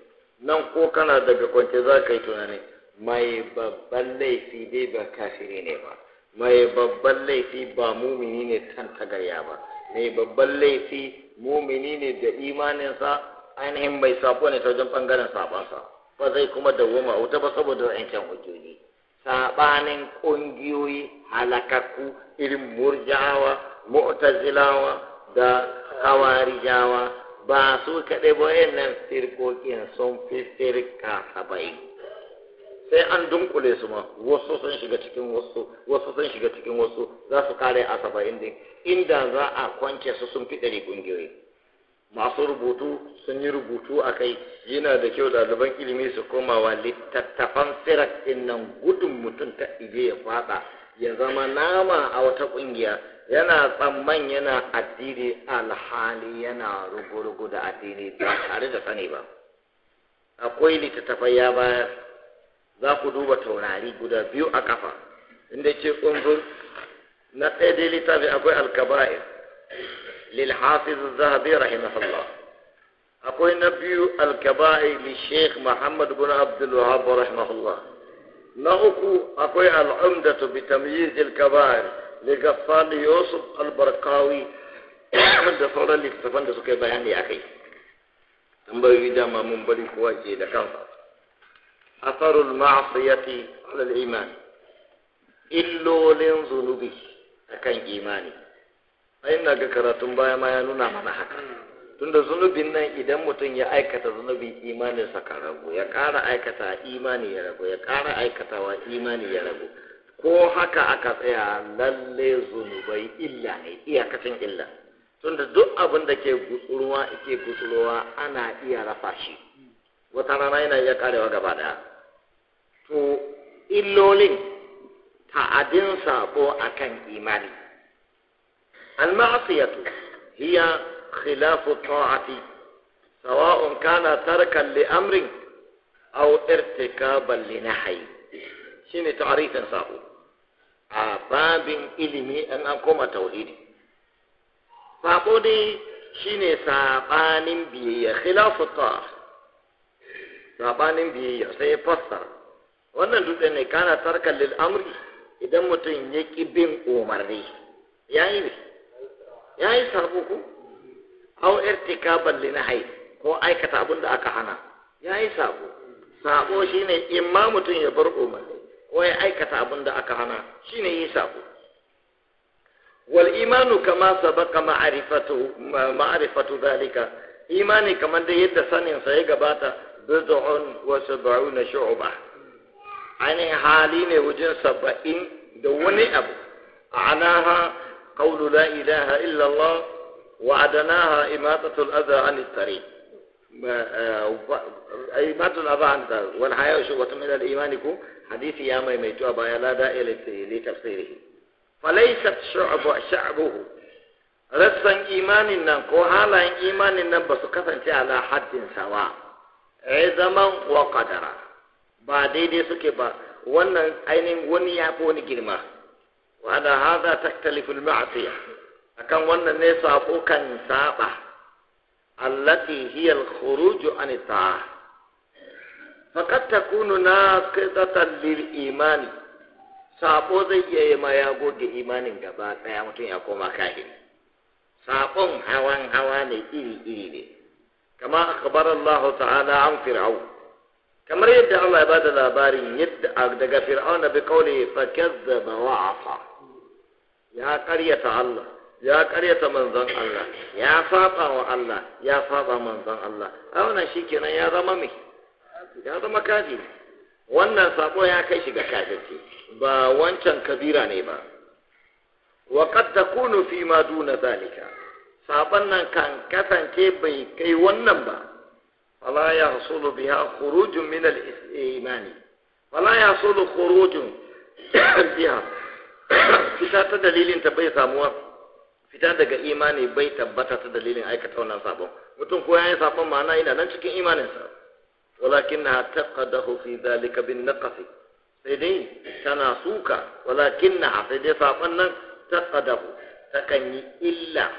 nan ko kana daga kwance za ka yi tunani mai babban laifi dai ba kafiri ne ba mai babban laifi ba mumini ne tan tagarya ba mai babban laifi mumini ne da imaninsa ainihin mai sabo ne ta wajen bangaren sabansa ba zai kuma dawoma wuta ba saboda wa'ancan hujjoji sabanin ƙungiyoyi halakakku irin murjawa mu'tazilawa da hawarijawa ba su kaɗai ba nan firkokin sun fi firka saba'in sai an dunkule su ma wasu sun shiga cikin wasu wasu sun shiga cikin wasu za su kare a saba'in din inda za a kwance su sun fi ɗari ƙungiyoyi masu rubutu sun yi rubutu a kai yana da kyau ɗaliban ilimi su komawa littattafan firak ɗin nan gudun mutum ta ije ya faɗa ya zama nama a wata ƙungiya yana tsamman yana addini alhali yana rugurugu da addini ba tare da sani ba akwai littattafai ya bayar za ku duba taurari guda biyu a kafa inda ce kunzur na ɗaya dai littafi akwai alkaba'ir lil hafiz zahabi rahimahullah akwai na biyu alkaba'ir li sheikh muhammad bin abdul wahab rahimahullah na uku akwai al'umdatu bi tamyiz al kaba'ir لغفال يوسف البرقاوي da sauran littattafan da suka yi bayani a kai tambayoyi dama mun bari kowa ke da kansa asarul ma'asiyati alal iman illolin zunubi akan imani Ai ina ga karatun baya ma ya nuna mana haka tunda zunubin nan idan mutum ya aikata zunubin imaninsa ka ragu ya ƙara aikata imani ya ragu ya ƙara aikatawa imani ya ragu ko haka aka tsaya lalle zunubai illa ne iyakacin illa tunda duk abin da ke gutsuruwa ke gutsuruwa ana iya rafa shi wata rana yana iya karewa gaba daya to illolin ta'adin sabo akan imani al-ma'siyatu hiya khilafu ta'ati sawa'un kana tarkan li amrin aw irtikaban li nahyi shine ta'rifin sabo a babin ilimi an an koma tauhidi sabo dai shine sabanin biyayya khilafu ta sabanin biyayya sai fassara wannan dutse ne kana tarkan lil amri idan mutum ya ki bin umarni yayi ne yayi sabo ko au irtikaban na nahyi ko aikata abin da aka hana yayi sabo sabo shine imma mutum ya bar umarni ko aikata abin da aka hana shi ne yi sabu wal imanu kama sabaka ma’arifatu ma'rifatu zalika imani kamar da yadda sanin sa ya gabata bid'un wa sab'una shu'ba ani hali ne wajen saba'in da wani abu anaha qawlu la ilaha illa allah wa adanaha imatatu al-adha 'an at-tariq imatatu al-adha 'an wal hayashu wa min al-imanikum hadisi ya maimaitu a baya la da'a li tafsirihi falaysat shu'bu sha'buhu rassan imanin nan ko halayen imanin nan ba su kasance ala haddin sawa ai zaman wa qadara ba daidai suke ba wannan ainihin wani ya fi wani girma wa da hada taktalifu al-ma'siyah akan wannan ne sako kan saba allati hiya al khuruju an ta'ah fakat takunu naqidatan lil imani sabo zai iya yi ma ya goge imanin gaba daya mutum ya koma kafiri sabon hawan hawa ne iri iri ne kama akhbara Allah ta'ala an fir'au kamar yadda Allah ya bada labarin yadda daga fir'au na bi qawli fa kazzaba wa afa ya karyata Allah ya karyata manzon Allah ya saba wa Allah ya saba manzon Allah a wannan shikenan ya zama mai ya zama kafi wannan sako ya kai shi ga kafirci ba wancan kabira ne ba wa qad takunu fi ma duna zalika saban nan kan kasance bai kai wannan ba fala yahsulu biha khurujun min al-iman fala yahsulu khurujun biha fita ta dalilin ta bai samuwa fita daga imani bai tabbata ta dalilin aikata wannan sabon mutum ko ya yi sabon ma'ana yana nan cikin imaninsa ولكنها تقده في ذلك بالنقص سيدي تنا سوكا ولكنها سيدي ساقنا تقده تكني إلا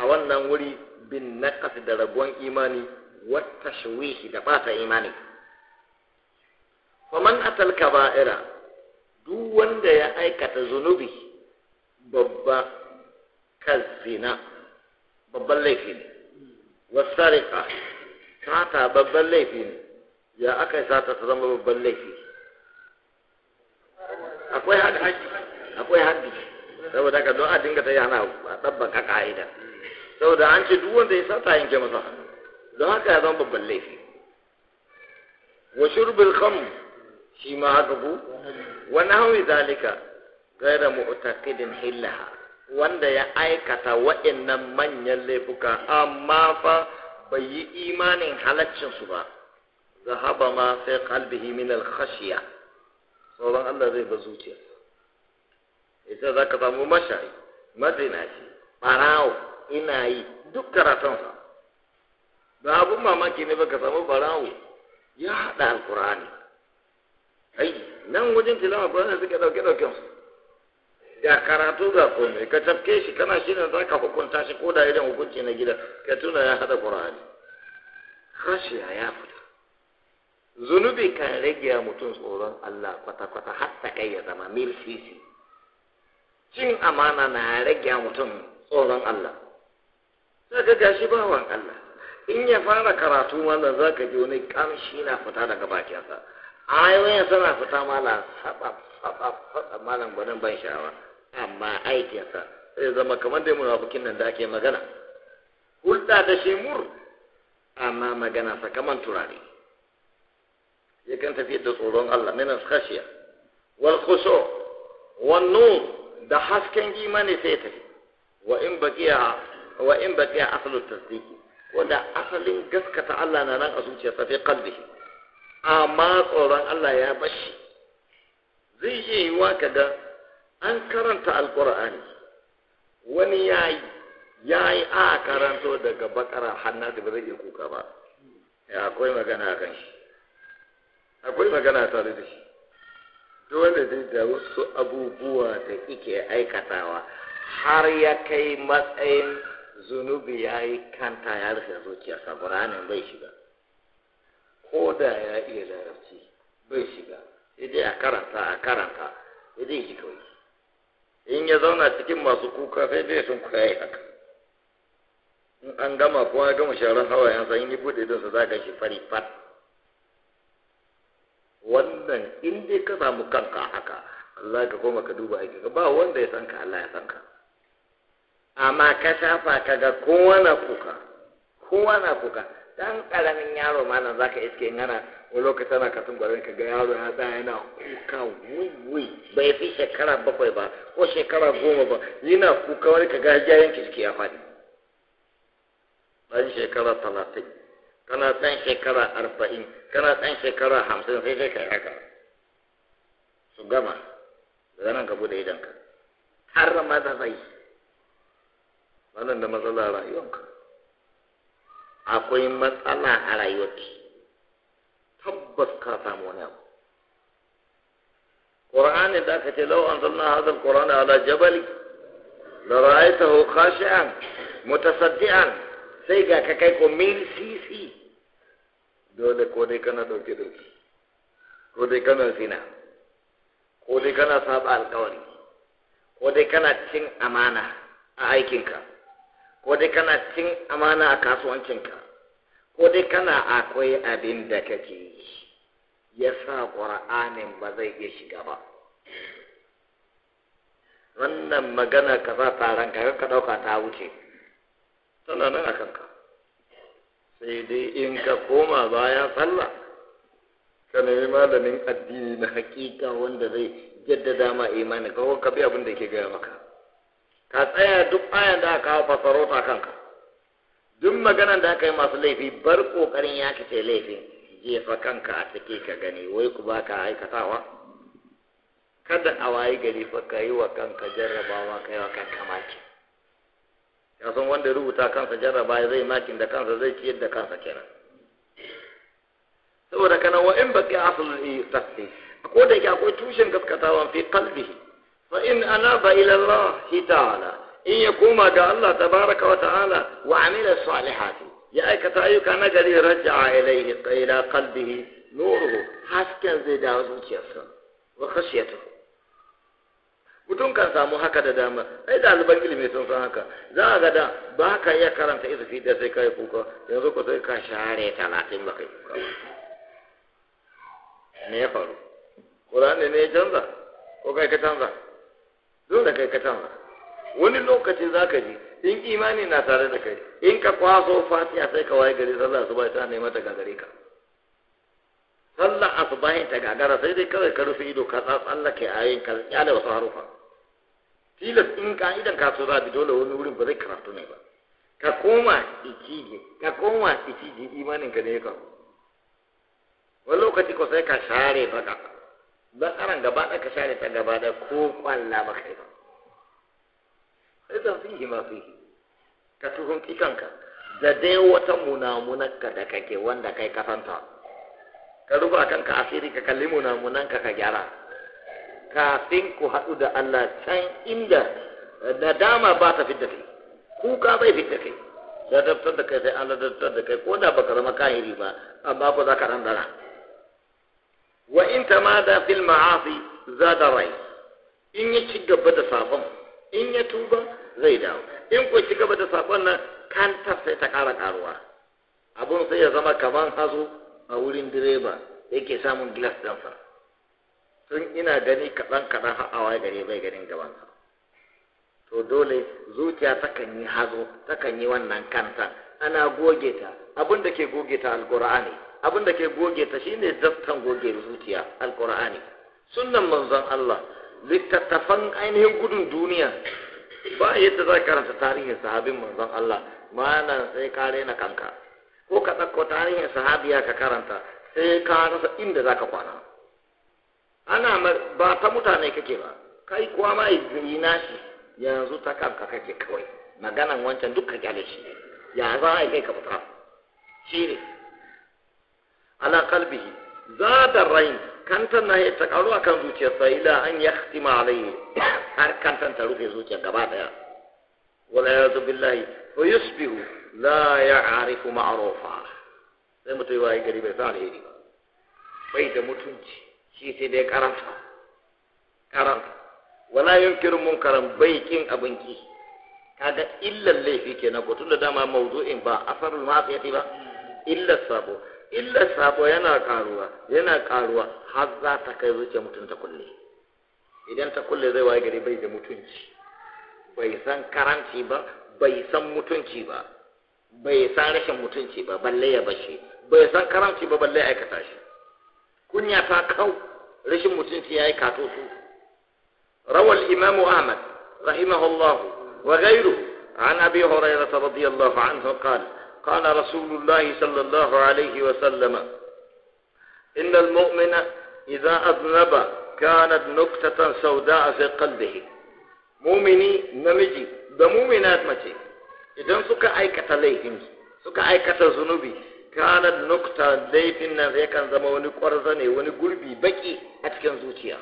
أولا ولي بالنقص دربوان إيماني والتشويش دبات إيماني ومن أتى الكبائر duk wanda ya aikata zunubi babba kazina babban laifi ne wasarika sata babban laifi ne ya aka yi sata ta zama babban laifi akwai haddi akwai haddi saboda ka don a dinga ta yana a ka ka'ida saboda an ce duk wanda ya sata yanke masa hannu don haka ya zama babban laifi wa shurbul khamr shi ma haka ku wa nahwi zalika ghayra mu'taqidin hillaha wanda ya aikata wa'annan manyan laifuka amma fa bai yi imanin halaccinsu ba zahaba ma sai kalbihi min al-khashiya sauran Allah zai ba zuciya ita za ka samu mashayi mazinaci barawo ina yi duk karatunsa ba abun mamaki ne ba ka samu barawo ya haɗa alkurani ai nan wajen tilawa ba suka ɗauke su ya karatu ga komai ka tafke shi kana shi ne za ka hukunta shi ko da irin hukunci na gida ka tuna ya haɗa ƙur'ani rashiya ya fita zunubi kan rage mutum tsoron Allah kwata-kwata hatta kai ya zama mil sisi cin amana na rage mutum tsoron Allah sai ka gashi bawan Allah in ya fara karatu wannan za ka ji wani kamshi na fita daga bakinsa ayoyin suna fita malam haɓa haɓa haɓa malam gwanin ban sha'awa amma aikinsa zai zama kamar da munafikin nan da ake magana hulɗa da shemur amma magana sa kamar turare kan tafi da tsoron Allah min khashiya wal khushu wan nur da hasken imani sai tafi wa in baqiya wa in baqiya aslu tasdiqi wanda asalin gaskata Allah na nan a zuciyarsa fi qalbihi amma tsoron Allah ya bashi zai yi wa kaga an karanta alkur'ani wani yayi yayi a karanto daga bakara hannu da ba zai iya kuka ba akwai magana a kan shi akwai magana tare da shi dole dai da wasu abubuwa da ike aikatawa har ya kai matsayin zunubi ya yi kanta ya rufe zuciya, ƙur'anin bai shiga ko da ya iya larabci bai shiga idai a karanta a karanta idai shi kawai in ya zauna cikin masu kuka sai zai sun kuka yi haka in an gama kuma ya gama sharar sa in yi bude idonsa za ka shi fari fat wannan in dai ka samu kanka haka Allah ka koma ka duba aiki ba wanda ya san ka Allah ya san ka amma ka shafa ka ga kowa na kuka kowa na kuka dan karamin yaro nan zaka iske in ana wani lokaci ana katun gwarin ka ga yaro ya tsaya yana kuka wuwui bai fi shekara bakwai ba ko shekara goma ba yana kuka wani ka ga yanke jiki ya faɗi ɗan shekara talatin kana ɗan shekara arba'in kana ɗan shekara hamsin sai sai ka haka su gama daga nan ka bude idan ka, har ma da zai wannan da matsalar rayuwanka akwai matsala a rayuwarki tabbas ka samu wani abu ƙur'ani da aka ce lau an zanna hazar ƙur'ani ala jabali da ra'aitahu khashi'an mutasaddi'an sai ga ka kai ko min sisi dole ko dai kana dauke dauke ko dai kana zina ko dai kana saba alƙawari ko dai kana cin amana a aikinka ko dai kana cin amana a kasuwancinka ko dai kana akwai abin da kake yi ya sa ƙwar'anin ba zai iya shiga ba wannan magana ka sa taron ka ka ɗauka ta wuce tana nan a kanka sai dai in ka koma bayan sallah ka nemi malamin addini na hakika wanda zai jaddada ma imani ka ka bi abin da ke gaya maka ka tsaya duk ayan da aka kawo fasarota kanka duk maganan da aka yi masu laifi bar kokarin ya kace laifin jefa kanka a ciki ka gani wai ku ba ka aikatawa kada a wayi gari fa ka yi wa kanka jarrabawa ka yi wa kanka maki ya san wanda rubuta kansa jarraba zai makin da kansa zai ciyar da kansa kenan saboda kana wa in baqi aslul tafsir ko da yake akwai tushen gaskatawan fi qalbihi fa in anaba ila Allah ta'ala in ya koma ga Allah tabaraka wa ta'ala wa amila salihati ya aikata ayyuka na gari raja'a ilaihi ila qalbihi nuruhu hasken zai dawo wa mutum kan samu haka da dama ai ɗaliban ilimi sun san haka za a ga da ba ka iya karanta izufi da sai ka yi kuka yanzu ku sai ka share talatin ba kai kuka me ya faru ƙur'ani ne ya canza ko kai ka canza dole kai ka canza wani lokaci za ka ji in imani na tare da kai in ka kwaso fatiya sai ka waye gari sallah asuba ta nema ta gagare ka sallah asuba ta gagara sai dai kawai ka rufe ido ka Allah ke ayin ka yale wasu harufa tilas in ka idan ka so zabi dole wani wurin ba zai karatu ne ba ka koma ikije ka koma ikije imanin ka ne ka wani lokaci ko sai ka share baka aran gaba ɗaya ka share ta gaba da ko kwalla ba kai ba idan fihi ma fihi ka tuhun kanka da dai wata munamunanka da kake wanda kai kasanta ka ruba kanka asiri ka kalli munamunanka ka gyara kafin ku haɗu da Allah can inda nadama ba ta fidda kai kuka bai fidda kai da daftar da kai sai daftar da kai ko da baka zama kahiri ba amma ba za ka randana wa in da fil ma'asi da rai in ya ci gaba da sabon in ya tuba zai dawo in ku ci gaba da sabon nan kan sai ta ƙara ƙaruwa abun sai ya zama kaman hazo a wurin direba yake samun gilas ɗansa tun ina gani kaɗan kaɗan har awa gare bai ganin gabansa to dole zuciya takan yi hazo takan yi wannan kanta ana goge ta abin da ke goge ta alƙur'ani abin da ke goge ta shine daftan goge zuciya alqur'ani sunnan manzon Allah littattafan ainihin gudun duniya ba yadda za karanta tarihin sahabin manzon Allah ma'ana sai ka rena kanka ko ka ɗauko tarihin sahabiya ka karanta sai ka rasa inda za ka kwana ana ba ta mutane kake ba kai kuwa ma izina nashi. yanzu ta kanka kake kawai maganan wancan duk ka kyale shi ya za a kai ka fita shi ne ala qalbihi zada rain kantan na ya takaru akan zuciyarsa ila an yahtima alayhi har kantan ta rufe zuciya gaba daya wala ya yazu billahi fa yusbihu la ya'rifu ma'rufa sai mutum ya wayi gari bai san alheri ba bai da mutunci shi sai dai karanta karanta wala yunkiru munkaran bai kin abin ki kaga illan laifi kenan ko tunda dama mawdu'in ba asarul ma'siyati ba illa sabo illa sabo yana karuwa yana karuwa har za ta kai zuciya mutum ta kulle idan ta kulle zai waye gari bai da mutunci bai san karanci ba bai san mutunci ba bai san rashin mutunci ba balle ya bashi bai san karanci ba balle aikata shi kunya ta kau rashin mutunci ya yi kato su rawal الإمام ahmad rahimahullahu wa وغيره an abi هريرة radiyallahu anhu qala قال رسول الله صلى الله عليه وسلم إن المؤمن إذا أذنب كانت نكتة سوداء في قلبه مؤمني نمجي بمؤمنات مؤمنات مجي إذن سكا أي كتليهم سكا أي كتزنوبي كانت نكتة ليفنا في كان زمان ونقرزني ونقربي بكي أتكن زوتيا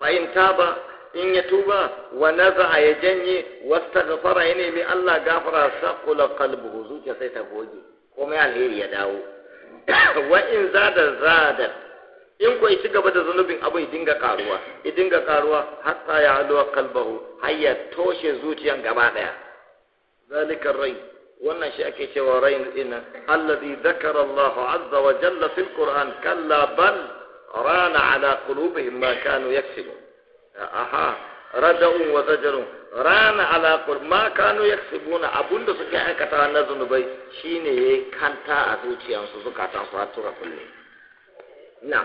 فإن تاب in ya tuba wa naza ya janye wastaghfara yana bi Allah gafara saqula qalbuhu zuciya sai ta goge komai alheri ya dawo wa in zada zada in ko ci gaba da zunubin abu ya dinga karuwa ya dinga karuwa hatta ya halwa qalbahu har ya toshe zuciyan gaba daya zalika rai wannan shi ake cewa rain ina allazi dhakara Allah azza wa jalla fil qur'an kalla bal rana ala qulubihim ma kanu yaksibun aha rada'un wa zajarun rana ala ma kanu yaksubuna abunda suke aikata na zunubai shine yayi kanta a zuciyarsu, zukatan su hatura kulle na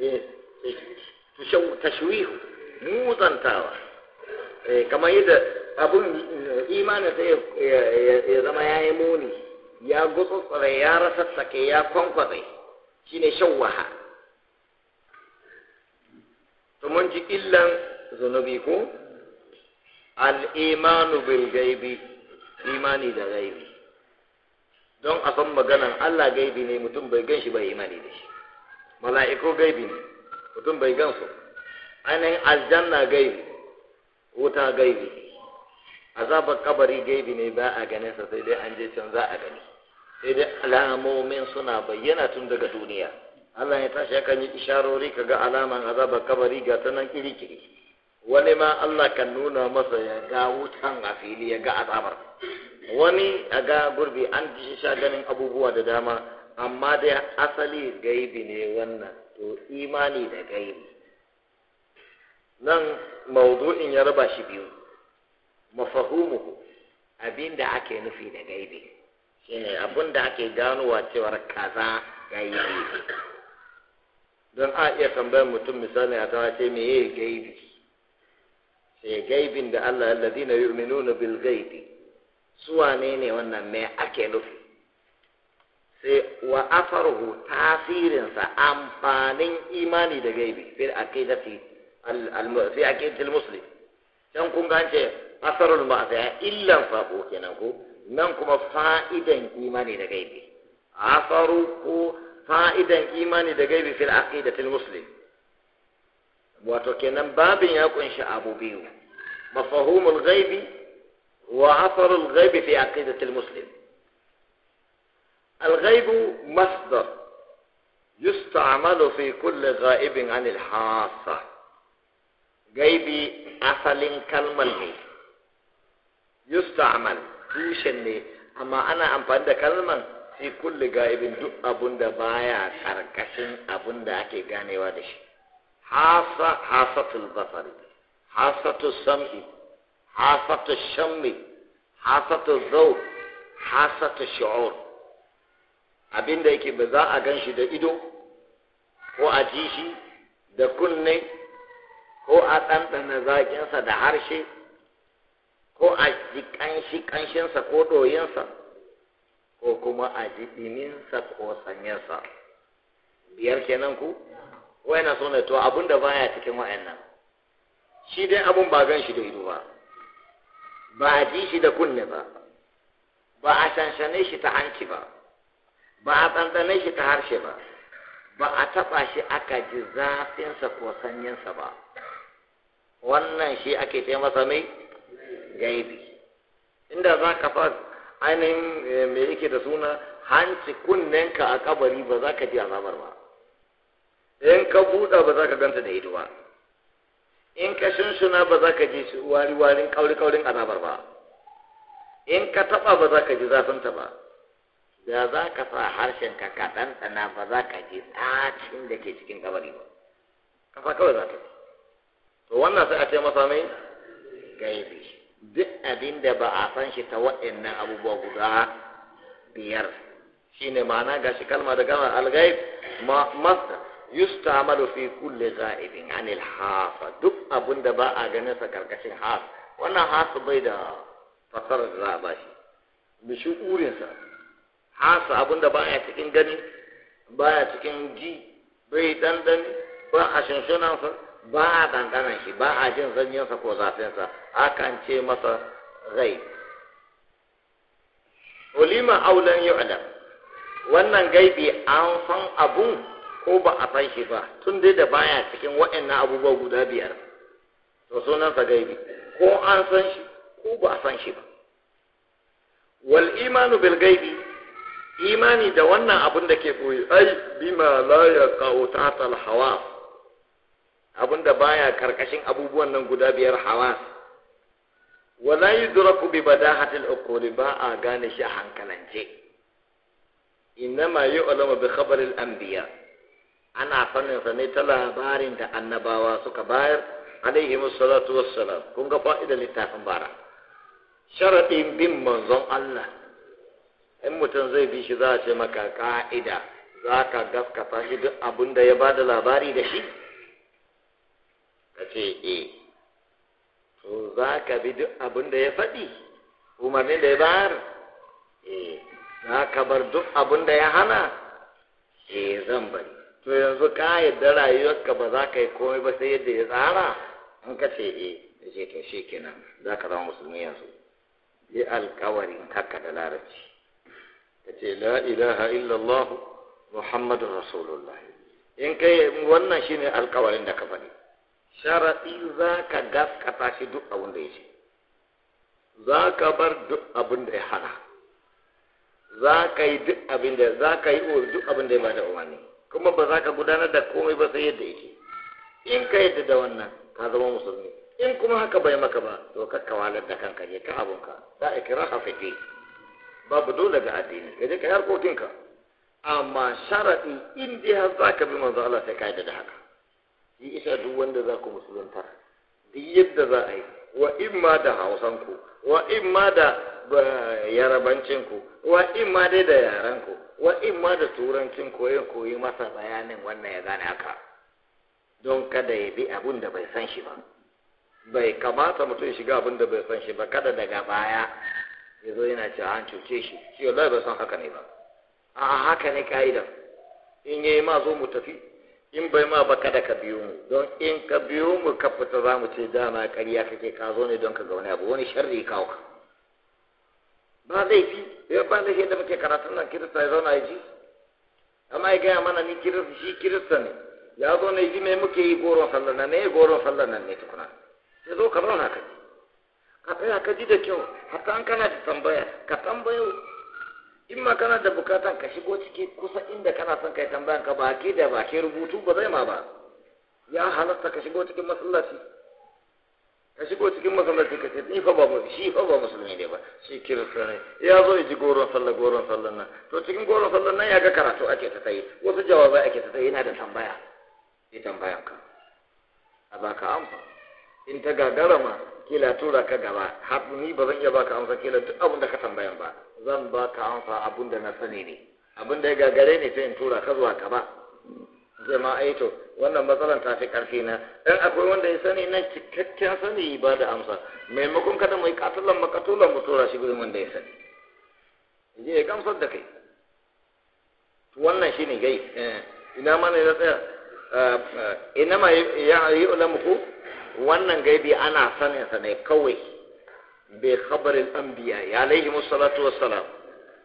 eh, eh tashwihu muzantawa eh kamar yadda abun eh, imanin sai ya zama yi muni ya gutsutsure ya rasassake ya kwankwatsai shine shawwaha to mun ji illan zunubi ko al'imanu bil gaibi imani da gaibi don a san maganan Allah gaibi ne mutum bai gan shi bai imani da shi Mala'iko gaibi ne mutum bai gan su ainihin aljanna gaibi wuta gaibi azabar kabari gaibi ne ba a ganin sa sai dai an je can za a gani sai dai alamomin suna bayyana tun daga duniya Allah ya tashi yakan yi isharori ga alaman azabar kabari ga ta nan kiri-kiri wani ma Allah kan nuna masa ya ga wutan a fili ya ga azabar wani a ga gurbi an ji sha ganin abubuwa da dama amma dai asali gaibi ne wannan to imani da gaibi nan maudu'in ya raba shi biyu mafahumuhu abin da ake nufi da gaibi shine abin da ake ganowa cewar kaza gaibi don a iya tambayar mutum misali a ta ce me yayi gaibi sai gaibin da Allah alladhina yu'minuna bil gaibi su wane ne wannan me ake nufi sai wa asaruhu tasirinsa amfanin imani da gaibi fil aqidati fi aqidatil muslim dan kun ga ce asarul ma'asiya illan sabo kenan ko nan kuma fa'idan imani da gaibi asaru ko فائدة إيماني دقيب في العقيدة المسلم وتوكينا باب يكون إن بيو مفهوم الغيب وأثر الغيب في عقيدة المسلم الغيب مصدر يستعمل في كل غائب عن الحاصة غيب أصل كلمة يستعمل في شني أما أنا أم بند fi kulli ga'ibin duk abun da baya karkashin abun da ake ganewa da shi hasa hasatul basari hasatul sam'i hasatul shammi hasatul zau hasatul shu'ur abin da yake ba za a gan shi da ido ko a ji shi da kunne ko a ɗanɗana zaƙinsa da harshe ko a ji ƙanshi ƙanshinsa ko ɗoyinsa ko kuma a ji ɗiminsa ko sanyarsa biyar kenan ku wayannan su ne to abin da baya cikin wayannan shi dai abun ba gan shi da ido ba ba a ji shi da kunne ba ba a shanshane shi ta hanci ba ba a tsantsane shi ta harshe ba ba a taɓa shi aka ji zafinsa ko sanyinsa ba wannan shi ake ce masa mai gaibi inda za ka fa ainihin eh, me yake da suna hanci kunnenka a kabari ba za ka ji alamar ba in ka buɗa ba za ka ganta da ido ba in ka shunshuna ba za ka ji wari-warin kauri-kaurin azabar ba in ka taɓa ba za ka ji zafinta ba da za ka sa harshen ka ka ɗanɗana ba za ka ji tsacin da ke cikin kabari ba kafa kawai za ta to wannan sai a ce masa mai gaibi duk abin da ba a san shi ta wa'annan abubuwa guda biyar Shi ne ma'ana ga shi kalma da gama algaib yusta amalu fi kulle za'ibin anil hafa duk abin da ba a ganin sa karkashin haf wannan has bai da fasarar da za a bashi bi shukurin sa has abin da baya cikin gani baya cikin ji bai dandani ba a shinshinan sa ba a dangana shi ba a jin zanyensa ko zafinsa akan ce masa rai. ulima aulan yu'lam wannan gaibi an san abun ko ba a san shi ba tun dai da baya cikin waɗannan abubuwa guda biyar to sunansa gaibi ko an san shi ko ba a san shi ba wal imanu bil gaibi imani da wannan abun da ke koyi ai bima la yaqau tahta al hawa abinda baya karkashin abubuwan nan guda biyar hawa wala yudraku bi badahatil uquli ba a gane shi a hankalance innama yu'lamu bi khabaril anbiya ana sanin sa ne ta labarin da annabawa suka bayar alaihi salatu wassalam kun ga fa'idar littafin bara sharadin bin manzon Allah in mutum zai bi shi za a ce maka ka'ida za ka gaskata shi duk abin da ya ba da labari da shi ka ce e to za ka bi duk abin da ya faɗi umarni da ya bayar e za ka bar duk abin da ya hana e zan bari to yanzu ka yadda rayuwarka ba za ka yi komai ba sai yadda ya tsara in ka ce e ya ce to shi kenan za ka zama musulmi yanzu yi alkawarin haka da larabci ka ce la ilaha illallah muhammadun rasulullah in kai wannan shine alkawarin da ka faɗi sharaɗi za ka gaskata shi duk abin da ya ce za ka bar duk abin da ya hana za ka yi duk abin da za ka yi duk abin da ya bada umarni kuma ba za ka gudanar da komai ba sai yadda yake in ka yadda da wannan ka zama musulmi in kuma haka bai maka ba to ka kawalar da kanka je ka abunka za a kira hafafi babu dole ga addini ka je ka yi harkokinka amma sharaɗi in dai har za ka bi manzo Allah sai ka yadda da haka yi isa duk wanda za ku musulunta duk yadda za a yi wa ma da hausanku wa in ma da yarabancinku wa in ma dai da yarenku wa in ma da turancin koyon koyi masa bayanin wannan ya gane haka don kada ya bi abin da bai san shi ba bai kamata mutum shiga abin da bai san shi ba kada daga baya ya zo yana cewa an cuce shi shi wallahi bai san haka ne ba a haka ne ka'idar in yayi ma zo mu tafi in bai ma ba kada ka biyo mu don in ka biyo mu ka fita za mu ce dama ƙarya kake ka zo ne don ka ga wani abu wani sharri kawo ka ba zai fi ya ba zai yadda muke karatun nan kirista ya zauna ya ji amma ya gaya mana ni kirista shi kirista ne ya zo na ji me muke yi goron sallar nan ne goron sallar nan ne tukuna sai zo ka zauna ka ji ka tsaya ka ji da kyau hatta an kana da tambaya ka tambayo in ma kana da bukatan ka shigo ciki kusa inda kana son kai tambayan ka baki da baki rubutu ba zai ma ba ya halatta ka shigo cikin masallaci ka shigo cikin masallaci ka ce ni fa ba shi fa ba musulmi ne ba shi kirista ne ya zo ya ji goron sallah goron sallah nan to cikin goron sallah nan ya ga karatu ake ta tayi wasu jawabai ake ta tayi yana da tambaya sai tambayan ka a baka amsa in ta gagarama kila tura ka gaba haɗu ni ba zan iya baka amsa kila duk abin da ka tambayan ba zan ba ka amsa abin da na sani ne abin da ya gagare ne sai in tura ka zuwa ka ba zai ma aito wannan matsalan ta fi karfi na dan akwai wanda ya sani na cikakken sani ba da amsa maimakon kada mu yi katulan makatulan mu tura shi gudun wanda ya sani je ya gamsar da kai wannan shine gai ina ma ne na tsaya ina ma ya yi ulamu ku wannan gaibi ana sanin sa ne kawai bai khabarin anbiya alaihi musallatu wassalam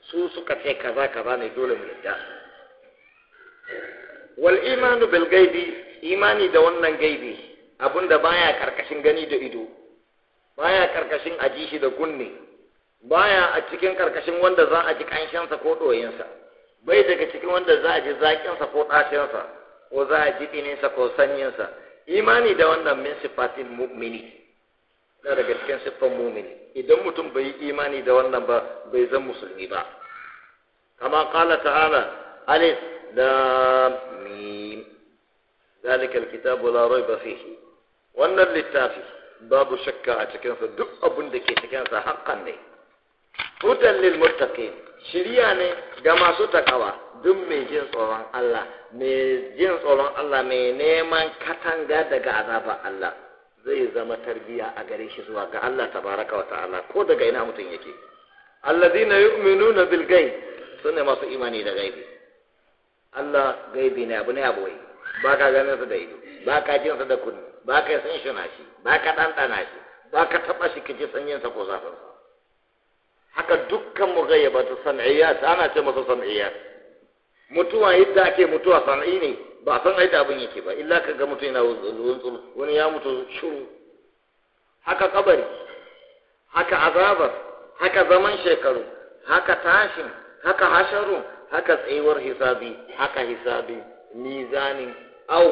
su suka ce kaza kaza ne dole mu yadda wal imanu bil gaibi imani da wannan gaibi abinda baya karkashin gani da ido baya karkashin aji shi da kunne baya a cikin karkashin wanda za a ji kanshinsa ko ɗoyinsa bai daga cikin wanda za a ji zaƙinsa ko ɗashinsa ko za a ji ɗininsa ko sanyinsa imani da wannan min sifatin mu'mini na daga cikin siffan mumini idan mutum bai yi imani da wannan ba bai zan musulmi ba kama kala ta'ala alif da mim zalika alkitabu la raiba fihi wannan littafi babu shakka a cikinsa duk abin da ke cikinsa haƙƙan ne hudan lil muttaqin shiriya ne ga masu takawa duk mai jin tsoron Allah mai jin tsoron Allah mai neman katanga daga azabar Allah zai zama tarbiya a gare shi zuwa ga Allah tabaraka wa ta'ala ko daga ina mutum yake alladhina yu'minuna bil ghaib sunne masu imani da gaibi Allah gaibi ne abu ne wai ba ka ganin sa da ido ba ka jin sa da kunni ba ka san shi na shi ba ka dandana shi ba ka taba shi kaji sanyin sa ko zafin sa haka dukkan mughayyabatu sam'iyat ana ce masa sam'iyat mutuwa yadda ake mutuwa san'i ne ba a san aida abin yake ba illa ka ga mutum yana wuntsuru wani ya mutu shuru haka kabari haka azabar haka zaman shekaru haka tashin haka hasharu haka tsayuwar hisabi haka hisabi mizanin au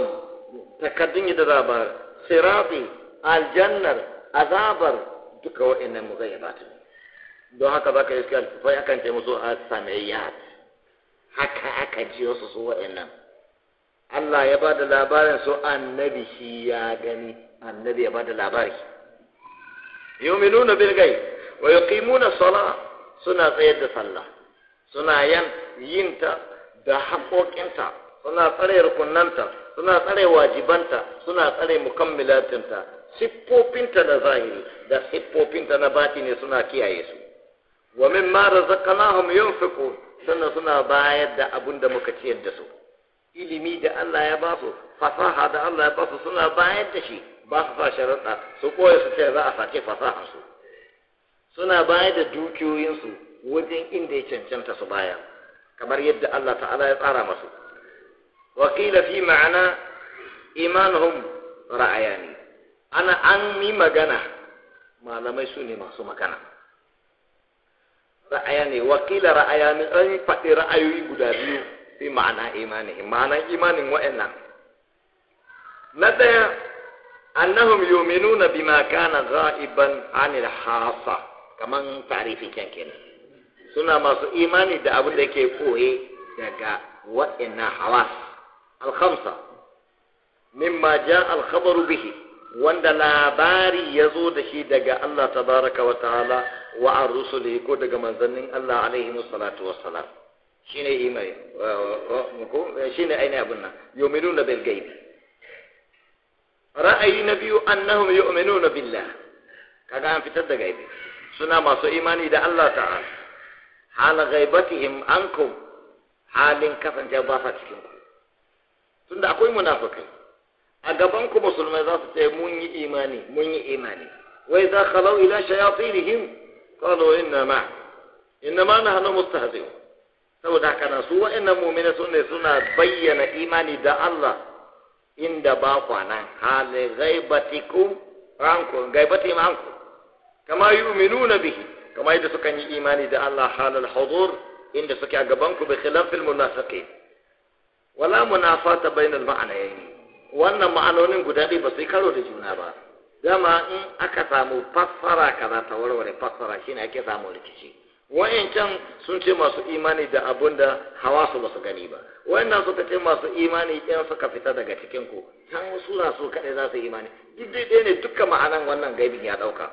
takaddun yadda da ba sirabi aljannar azabar duka wa'annan mugayyabatun don haka za ka yi suke fai akan ce musu a samiyyat haka aka ji wasu su wa'annan Allah ya ba da labarin su annabi shi ya gani annabi ya ba da labari yuminuna bil gai wa yuqimuna sala suna tsayar da sallah suna yan yinta da haƙoƙinta suna tsare rukunanta suna tsare wajibanta suna tsare mukammilatinta siffofinta na zahiri da siffofinta na ne suna kiyaye su wa mimma razaqnahum yunfiqun sannan suna bayar da abun da muka ciyar da su ilimi da Allah ya ba su fasaha da Allah ya ba su suna bayar da shi ba su sa sharaɗa su koya su ce za a sake fasaha su suna bayar da dukiyoyinsu wajen inda ya cancanta su baya kamar yadda Allah ta'ala ya tsara masu wakila fi ma'ana imanuhum ra'ayani ana an yi magana malamai su ne masu magana ra'ayani wakila ra'ayani an faɗi ra'ayoyi guda biyu fi ma'ana imanihim ma'anan imanin wa'annan na ɗaya annahum yu'minuna bima kana za'iban anil hasa kaman tarifi kenan suna masu imani da abin da yake koye daga wa'annan hawas alhamsa khamsa mimma ja al bihi wanda labari ya zo da shi daga Allah baraka wa ta'ala wa an rusuli ko daga manzannin Allah alaihi salatu wassalam شيني إيماي شيني أين أبونا يؤمنون بالغيب رأي النبي أنهم يؤمنون بالله كأن في تد غيب سنة ما سو إيماني إذا الله تعالى حال غيبتهم أنكم حال كفن جبافة كم سنة أكوي منافقين أجابنكم مسلم إذا تؤمن إيماني مني إيماني وإذا خلو إلى شياطينهم قالوا إنما إنما نحن مستهزئون saboda haka nan su wa'annan mu'mina sun ne suna bayyana imani da Allah inda ba nan hali ghaibatikum ranku ghaibati manku kama yu'minuna bihi kama yadda suka yi imani da Allah halal hudur inda suke a gaban ku bi khilafil munafiqin wala munafata bainal ma'anayn wannan ma'anonin guda ɗaya ba su yi karo da juna ba dama in aka samu fassara kaza ta warware fassara shine ake samu rikici can sun ce masu imani da abun da hawa su basu gani ba wayannan suka ce masu imani 'yan suka fita daga cikin ku can na su kaɗai za su imani duk ɗaya ne dukkan ma'anan wannan gaibin ya ɗauka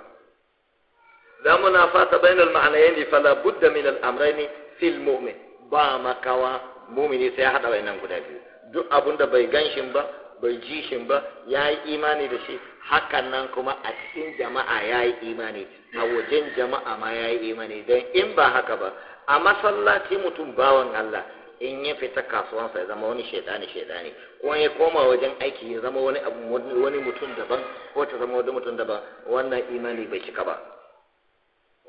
za mu na fata bainal ma'anayen fala budda min al'amraini fil mu'min ba makawa mumini sai ya haɗa nan guda biyu duk abun da bai ganshin ba bai ji shi ba ya yi imani da shi hakan nan kuma a cikin jama'a ya yi imani a wajen jama'a ma ya yi imani don in ba haka ba a masallaci mutum bawan Allah in ya fita kasuwansa ya zama wani shaidani shaidani ko ya koma wajen aiki ya zama wani abu wani mutum daban ko ta zama wani mutum daban wannan imani bai cika ba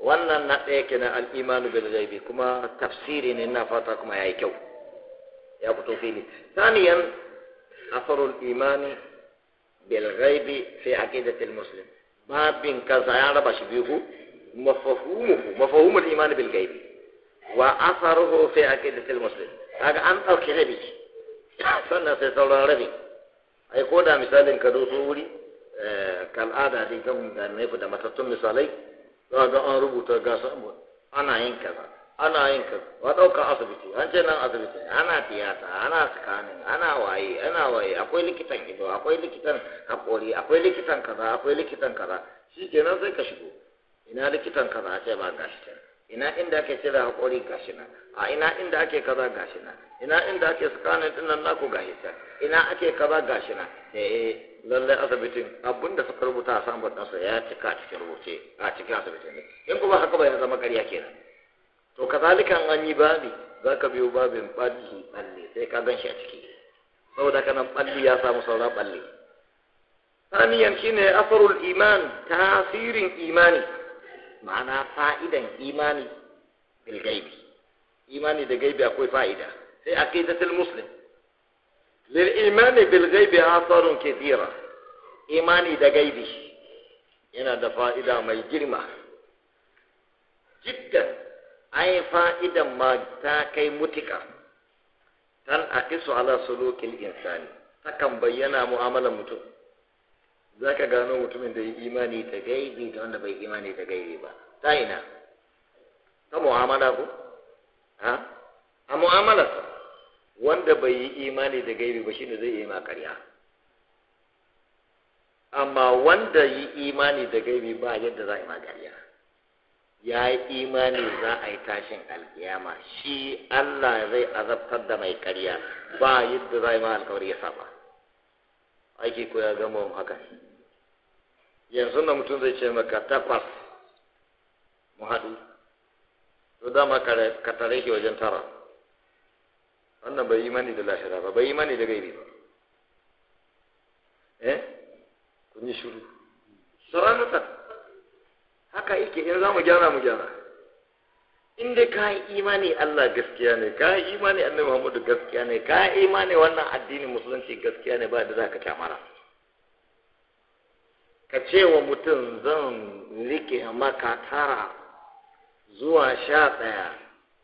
wannan na ɗaya kenan al-imanu bil ghaibi kuma tafsiri ne ina fata kuma yayi kyau ya fito fili saniyan أثر الإيمان بالغيب في عقيدة المسلم ما بين كزايا رباش بيهو مفهومه مفهوم الإيمان بالغيب وأثره في عقيدة المسلم هذا أنت الكغيب فأنا سيطلع ربي أي قودة مثال كدو سوري آه، كان آدى دي كم دا نيفو دا ما تطمي صالي هذا أن ربو تغاسم أنا ينكذا ana yin ka ɗaukan asibiti an ce nan asibiti ana tiyata ana sikanin, ana waye ana waye akwai likitan ido akwai likitan haƙori akwai likitan kaza akwai likitan kaza shi kenan sai ka shigo ina likitan kaza a ce ba gashi can ina inda ake cire haƙori gashi nan a ina inda ake kaza gashi nan ina inda ake scanning din nan naku gashi can ina ake kaza gashi nan eh, eh lallai asibitin abin da suka rubuta a samun ɗansa ya cika cikin rubuce a cikin asibitin ne in kuma haka ba ya zama ƙarya kenan to kazalika an an yi babi za ka biyo babin ɓalli ɓalli sai ka gan shi a ciki saboda kanan ɓalli ya samu saura ɓalli. saniyan shi ne asarul iman tasirin imani ma'ana fa'idan imani bil gaibi imani da gaibi akwai fa'ida sai a kai tattal muslim lil imani bil gaibi asarun kethira imani da gaibi yana da fa'ida mai girma jiddan ai fa'idan ma ta kai mutuka tan kisu ala sulukin insani takan bayyana mu'amalar mutum za ka gano mutumin da ya imani ta gaibi da wanda bai imani ta gaibi ba ta ina ta mu'amala ko ha a mu'amala wanda bai yi imani da gaibi ba shine zai yi ma ƙarya amma wanda yi imani da gaibi ba yadda za a yi ma ƙarya ya yi imani za a yi tashin alkiyama shi Allah zai azabtar da mai karya ba yadda za yi ma alkawari ya saba aiki ko ya gama haka yanzu na mutum zai ce maka takwas mu haɗu to dama ka tare shi wajen tara wannan bai imani da lashira ba bai imani da gaibi ba eh kun yi shiru mutane haka yake in za mu gyara mu gyara in dai ka yi imani Allah gaskiya ne ka yi imani annabi Muhammadu gaskiya ne ka yi imani wannan addinin musulunci gaskiya ne ba da za ka kyamara ka ce wa mutum zan rike maka tara zuwa sha ɗaya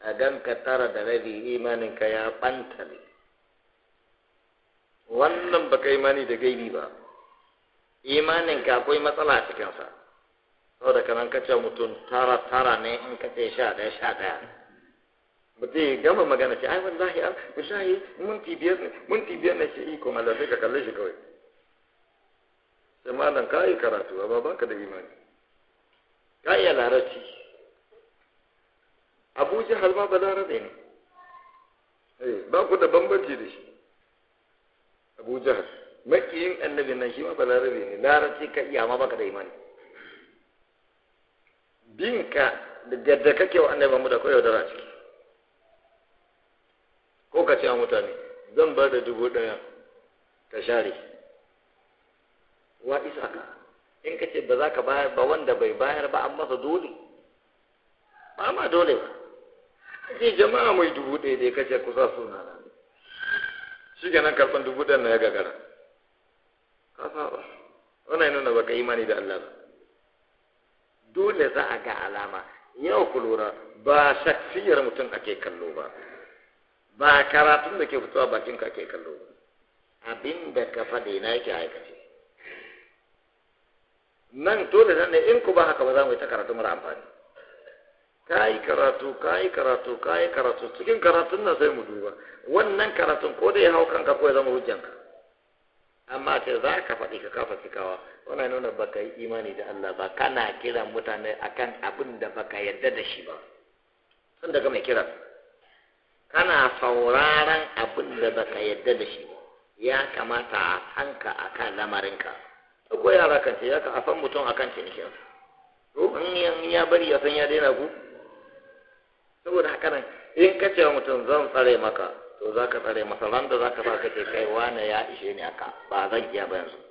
a gan ka tara da rabi imaninka ya ɓanta ne wannan baka imani da gaibi ba imaninka akwai matsala a cikinsa sau da kanan kace mutum tara tara ne in ka ce sha ɗaya sha ɗaya ba zai gama magana ce ai wallahi a wallahi minti biyar ne minti biyar ne ce iko da sai ka kalle shi kawai sai malam ka yi karatu amma baka da imani ka iya larabci abu jahal ma ba larabe ne eh, ba ku da bambanci da shi abu jahal makiyin annabi nan shi ma ba larabe ne larabci ka iya amma baka da imani Binka da yadda kake wa annabi mu da yaudara ciki ko ka ce a mutane zan bar da dubu ɗaya ka share wa isa ka in ka ce ba za ka bayar ba wanda bai bayar ba an masa dole ba ma dole ba Ake jama'a mai dubu ɗaya dai kace kusa suna na shi kenan karɓan dubu ɗaya na ya gagara ka saba wannan yana ba ka imani da Allah ba dole za a ga alama yau ku lura ba shaksiyar mutum ake kallo ba ba karatun da ke fitowa bakin ka ke kallo ba abin da ka faɗi na yake aikace nan dole nan ne in ku ba haka ba za mu yi ta karatu mara amfani ka yi karatu ka yi karatu ka yi karatu cikin karatun nan sai mu duba wannan karatun ko da ya hau kanka ko ya zama hujjanka amma ce za ka faɗi ka kafa cikawa wannan nuna baka yi imani da Allah ba kana kiran mutane akan abin da baka yarda da shi ba san daga mai kiran kana sauraron abin da baka yarda da shi ba ya kamata a hanka akan lamarinka ko yara kan ce ya san afan mutum akan cinikin to in ya bari ya san ya daina ku saboda haka nan in ka ce mutum zan tsare maka to za ka tsare masa ran da za ka ba ka ce kai wane ya ishe ni aka ba zan iya ba yanzu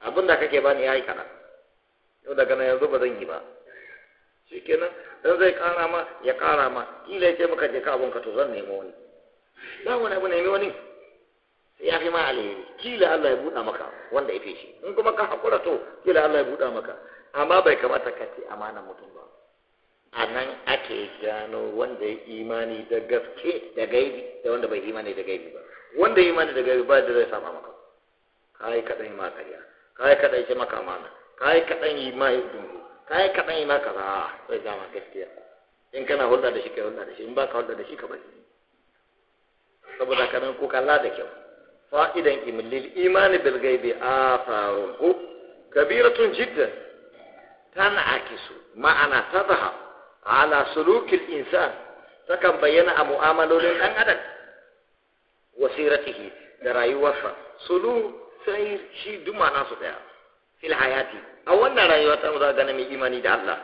Abin da kake bani ya yi kana yau daga nan yanzu ba zan yi ba shi kenan dan zai ƙara ma ya ƙara ma kila ya ce maka je ka abun ka to zan nemo wani ba wani abu nemi wani ya fi ma alheri kila Allah ya buɗa maka wanda ya fi shi in kuma ka haƙura to kila Allah ya buɗa maka amma bai kamata ka ce amana mutum ba a nan ake gano wanda ya imani da gaske da gaibi da wanda bai imani da gaibi ba wanda ya imani da gaibi ba da zai sama maka kai kaɗai ma karya. kai kaɗan shi maka mana kai kaɗan yi ma yi dungu kai kaɗan yi ma kaza zai gama gaskiya in kana hulɗa da shi kai hulɗa da shi in ba ka hulɗa da shi ka bari saboda ka nan ko kalla da kyau fa'idan imlil imani bil gaibi afarun ku kabiratun jiddan akisu ma'ana tadhhab ala sulukil insan takan bayyana a mu'amalolin dan adam wasiratihi da rayuwarsa sulu sai shi duma nasu daya fil hayati a wannan rayuwa ta mu za gane mai imani da Allah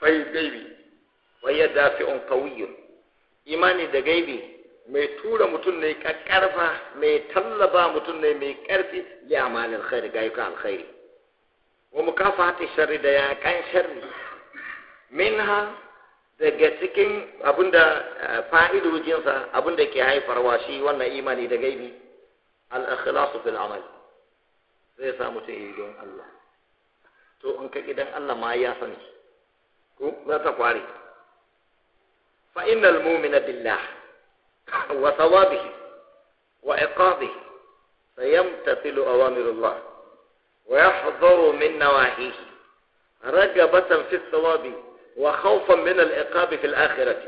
fai gaibi wa yadda fi on kawiyyun imani da gaibi mai tura mutum ne kakkarfa mai tallaba mutum ne mai karfi ya amalin khairi ga yuka alkhairi wa mukafati sharri da ya kan sharri minha daga cikin abinda eh, fa'idojinsa abinda ke haifarwa shi wannan imani da gaibi الاخلاص في العمل زي سامو تيجون الله تو انك اذا الله ما يافني كو لا تقاري فان المؤمن بالله وثوابه وعقابه فيمتثل اوامر الله ويحضر من نواهيه رغبة في الثواب وخوفا من العقاب في الاخره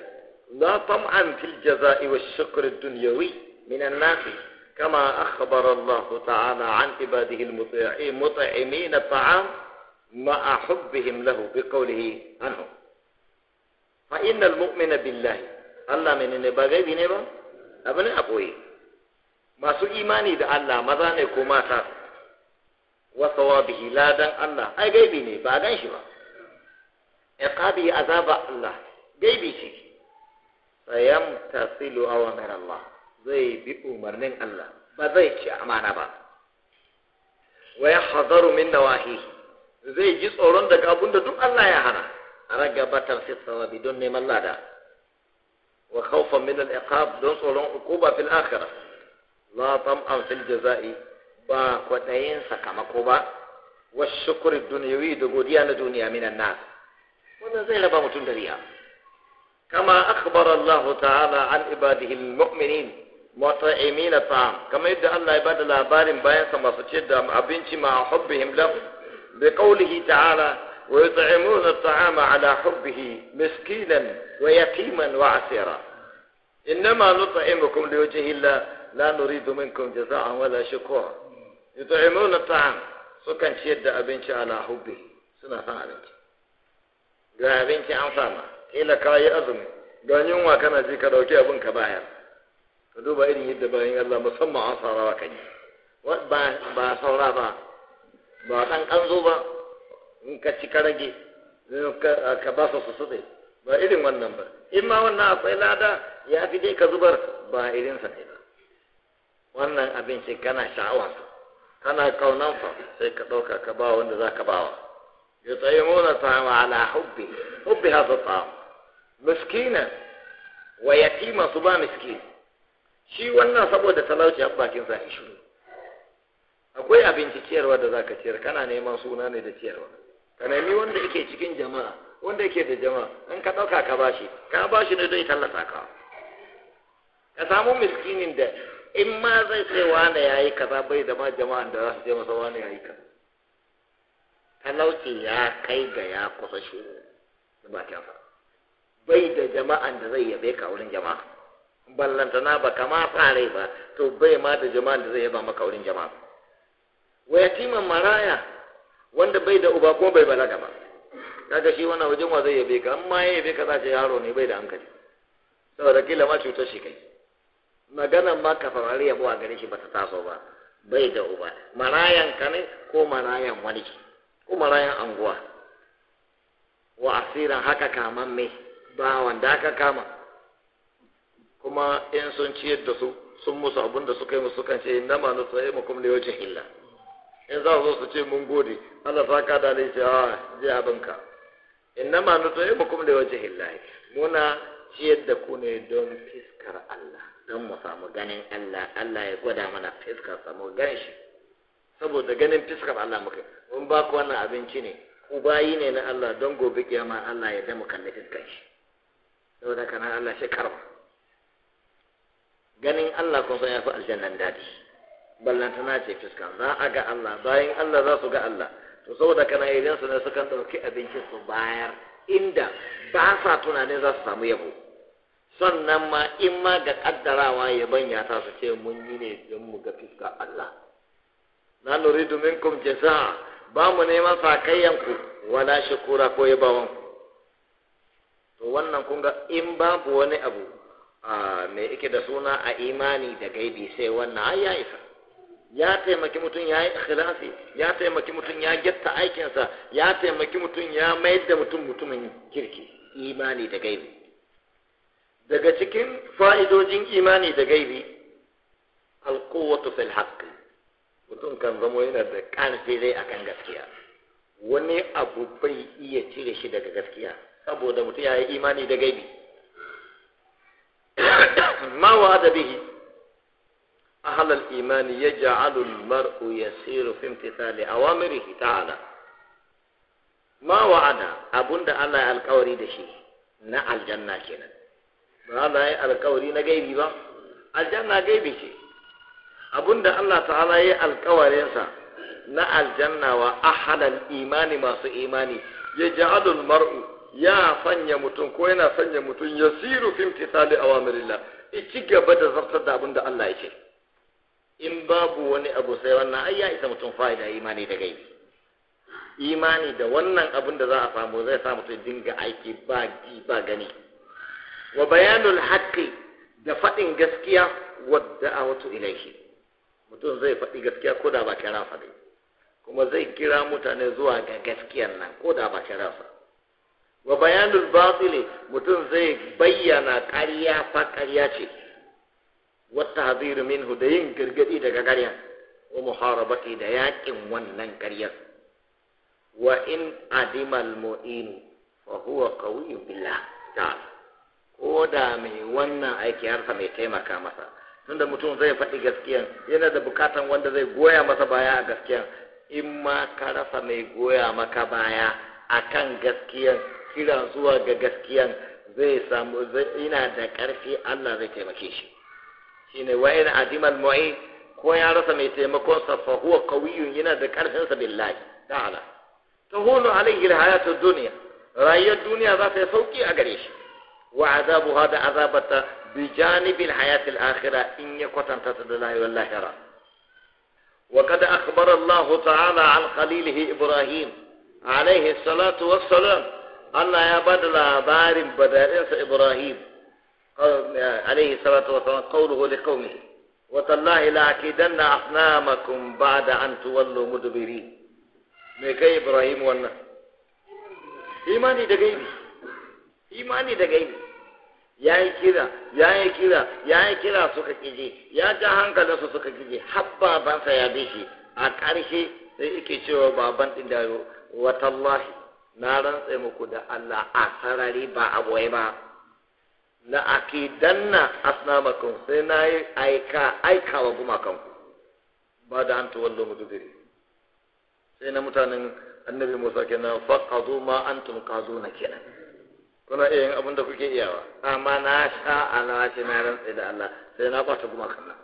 لا طمعا في الجزاء والشكر الدنيوي من الناس كما أخبر الله تعالى عن عباده المطيعين مطعمين الطعام مع حبهم له بقوله عنهم فإن المؤمن بالله الله من النبغي بنبا أبن أبوي ما سو إيماني دا الله مذاني كوماتا تار وثوابه لا دان الله أي غيبي بعدين شبا إقابي عذاب الله غيبي شي فيمتثل أوامر الله zai bi umarnin Allah ba zai ci amana ba wa ya min nawahi zai ji tsoron daga abun da duk Allah ya hana ragabatar fi sawabi don neman lada wa khawfan min al-iqab don tsoron ukuba fil akhirah la tam'an fil jazai ba kwadayin sakamako ba wa shukuri dunyawi da godiya na duniya minan nas wannan zai raba mutum da riya kama akhbara Allah ta'ala an ibadihi al-mu'minin muta'imina ta kamar yadda Allah ya bada labarin bayan sa masu ce da abinci ma hubbihim lahu bi qawlihi ta'ala wa yut'imuna at'ama ala hubbihi miskinan wa yatiman wa asira innama nut'imukum li wajhi Allah la nuridu minkum jazaa'an wala shukura yut'imuna at'am sukan ce da abinci ala hubbihi suna son abinci ga abinci an sama kila kayi azumi don yunwa kana ji ka dauki abin ka bayar ka duba irin yadda bayan Allah musamman an saurawa kai ba saura ba ba ɗan ƙanzo ba in ka ci ka rage ka ba su su ba irin wannan ba in ma wannan akwai lada ya fi dai ka zubar ba irin sa ne ba wannan abin sai kana sha'awar sa kana kaunan fa sai ka ɗauka ka ba wanda za ka bawa yutayimuna ta'ama ala hubbi hubbi hadha ta'am miskinan wa yatima su ba miskinan shi wannan saboda talauci a bakin sa shi shiru akwai abinci ciyarwa da zaka ciyar kana neman suna ne da ciyarwa ka nemi wanda yake cikin jama'a wanda yake da jama'a in ka ɗauka ka bashi ka bashi ne don ya tallata ka ka samu miskinin da in ma zai sai wani yayi kaza bai da ma jama'an da za su je masa wani yayi talauci ya kai ga ya kusa shi da bakinsa bai da jama'an da zai yabe ka wurin jama'a ballantana ba kama fare ba to bai ma da jama'an da zai yaba maka wurin jama'a wa yatiman maraya wanda bai da uba ko bai balaga ba kaga shi wannan wajen wa zai yabe ka amma ya yabe ka zace yaro ne bai da hankali saboda kila ma cutar shi kai maganan ma ka farare yabo a gare shi ba ta taso ba bai da uba marayan ka ne ko marayan wani ko marayan anguwa wa asiran haka kaman me ba wanda aka kama kuma in sun ciyar da su sun musu abin da suka yi musu kan ce inna ma yi mu kuma lewacin illa in za su su ce mun gode Allah ta ka da laifi ah, a je abinka inna ma yi mu kuma lewacin illa muna ciyar da ku ne don fiskar Allah don mu samu ganin Allah Allah ya gwada mana fiskar samu gan shi saboda ganin fiskar Allah muka mun ba ku wannan abinci ne ku bayi ne na Allah don gobe kiyama Allah ya damu kalli fiskar shi saboda kana Allah shi karba. ganin Allah kun san ya fi aljannan daɗi na ce fuska za a ga Allah bayan Allah za su ga Allah to saboda kana idan su ne sukan ɗauki abincin su bayar inda ba sa tunanin za su samu yabo sannan ma in ma ga kaddarawa ya ya ta su ce mun yi ne don mu ga fuska Allah na nuridu kum jaza ba mu neman sakayyan ku wala shukura ko yabawan to wannan kun ga in babu wani abu mai ike da suna a imani da gaibi sai wannan ai ya isa ya taimaki mutum ya yi ikhlasi ya taimaki mutum ya getta aikinsa ya taimaki mutum ya mayar da mutum mutumin kirki imani da gaibi daga cikin fa'idojin imani da gaibi alkowatu fil haqqi mutum kan zamo yana da ƙarfi dai akan gaskiya wani abu bai iya cire shi daga gaskiya saboda mutum ya yi imani da gaibi ما وعد به أهل الإيمان يجعل المرء يسير في امتثال أوامره تعالى ما وعد أبند الله القوري دشي نا الجنة كنا ما الله القوري نجيب با الجنة جيب شي أبند الله تعالى القوري نسا نا الجنة وأحد الإيمان ما سو إيماني يجعل المرء ya sanya mutum ko yana sanya mutum ya siru fi imtithali awamirillah i ci gaba da zartar da abin da Allah ya in babu wani abu sai wannan ai ya isa mutum fa'ida imani da gaibi imani da wannan abin da za a samu zai sa mutum dinga aiki ba gi ba gani wa bayanul haqqi da faɗin gaskiya wadda a wato ilaihi mutum zai faɗi gaskiya ko da ba kira faɗi kuma zai kira mutane zuwa ga gaskiyar nan ko da ba kira faɗi wa bayanul batili mutum zai bayyana ƙarya fa ƙarya ce wa hadiru minhu da yin gargadi daga ƙarya wa muharabati da yaƙin wannan ƙaryar wa in adimal mu'inu fa huwa qawiyyun billah ta'ala ko da mai wannan aiki harsa mai taimaka masa tunda mutum zai faɗi gaskiya yana da bukatan wanda zai goya masa baya a gaskiya in ma ka rasa mai goya maka baya akan gaskiyan kira zuwa ga gaskiyan zai samu ina da ƙarfi Allah zai taimake shi shine wa in adimal mu'i ko ya rasa mai taimakon sa fa huwa qawiyyun yana da ƙarfin sa billahi ta'ala tahunu alayhi alhayatu dunya rayuwar duniya za ta yi sauki a gare shi wa azabu hada azabata bi janibil hayatil akhirah in ya kwatanta ta da lahira lahira وقد أخبر الله تعالى عن خليله إبراهيم عليه الصلاة والسلام Allah ya ba da labarin badaɗinsa Ibrahim alaihi salatu wa sallam qawluhu da qaumihi wa tallahi la akidanna asnamakum ba'da an tuwallu mudbirin me kai Ibrahim wannan imani da gaibi imani da gaibi ya yi kira ya yi kira ya yi kira suka kije ya ja hankalinsu suka kije habba bansa ya bishi a ƙarshe sai yake cewa baban ɗin da watallahi na rantse muku da Allah a sarari ba a boye ba ake danna asnamakum sai na yi aika aika wa gumakanku ba da an tuwallo mudubiri sai na mutanen annabi Musa kenan faqadu ma antum qaduna kenan kuna iya yin abin da kuke iyawa amma na sha alawa ce na rantse da Allah sai na kwata gumakan nan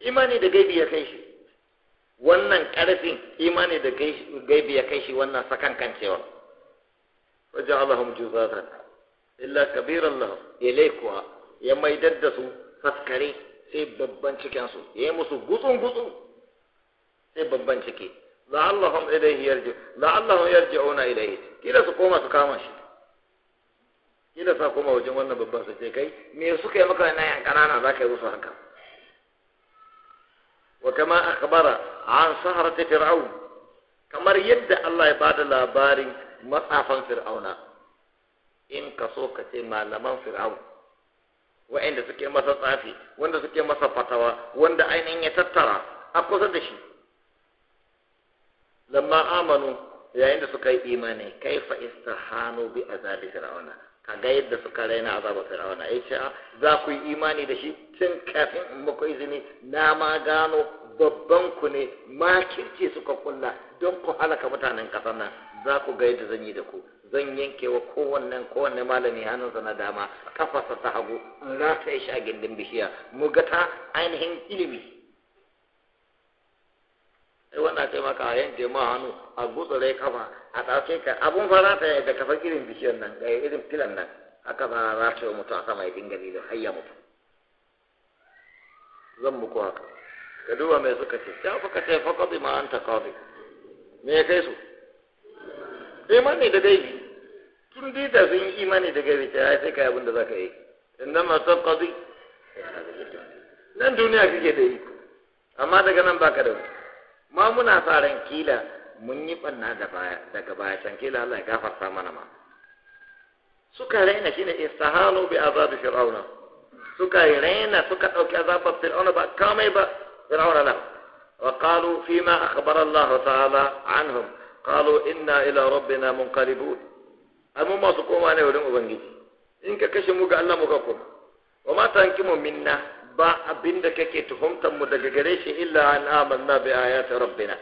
imani da gaibi ya kai shi wannan ƙarfin imani da gaibi ya kai shi wannan sakan kan cewa wajen Allahum juzatan illa kabiran lahum ilai kuwa ya maidar da su faskare sai babban su ya yi musu gutsun gutsun sai babban ciki la'allahum ilaihi yarji la'allahum yarji'una ilaihi kila su koma su kama shi kila sa koma wajen wannan babban su ce kai me suka yi maka na yan kanana zaka yi musu haka Wa kamar akabara an shahar da firawu kamar yadda Allah ya ba da labarin matsafan fir'auna in kaso ka ce malaman firawu wa'inda suke masa tsafi wanda suke masa fatawa wanda ainihin ya tattara an kusa da shi lamma amanu yayin da suka yi imani kai faɗi sahanobi a zaben fir'auna a ga yadda suka raina azaba fir'auna ya ce za ku yi imani da shi tun kafin in muku izini na ma gano babban ku ne makirce suka kulla don ku halaka mutanen ƙasar nan za ku ga yadda zan yi da ku zan yanke wa kowanne kowanne malami hannunsa na dama kafarsa ta hagu in rataye shi a gindin bishiya mu ga ta ainihin ilimi sai wannan ce maka a yanke ma hannu a gutsure kafa a tsarki ka abun fara ta da kafa irin bishiyar nan ga irin filan nan aka ba za ta yi mutu a sama ya dinga nilo har ya mutu zan muku haka ka duba mai suka ce ya ka ce fa ma an ta me ya kai su imani da gaibi tun dai da sun yi imani da gaibi ta sai ka yi abin da za ka yi inda masu kwabi nan duniya kake da yi amma daga nan baka da wani ma muna sa kila mun yi banna daga baya can kila Allah ya gafarta mana ma suka raina shine istahalu bi azabi fir'auna suka raina suka dauki azabar fir'auna ba kamai ba fir'auna la wa qalu fima akhbara Allah ta'ala anhum qalu inna ila rabbina munqalibun amma masu koma ne wurin ubangiji in ka kashe mu ga Allah mu ka koma wa ma tankimu minna ba abinda kake tuhumtar mu daga gare shi illa an amanna bi ayati rabbina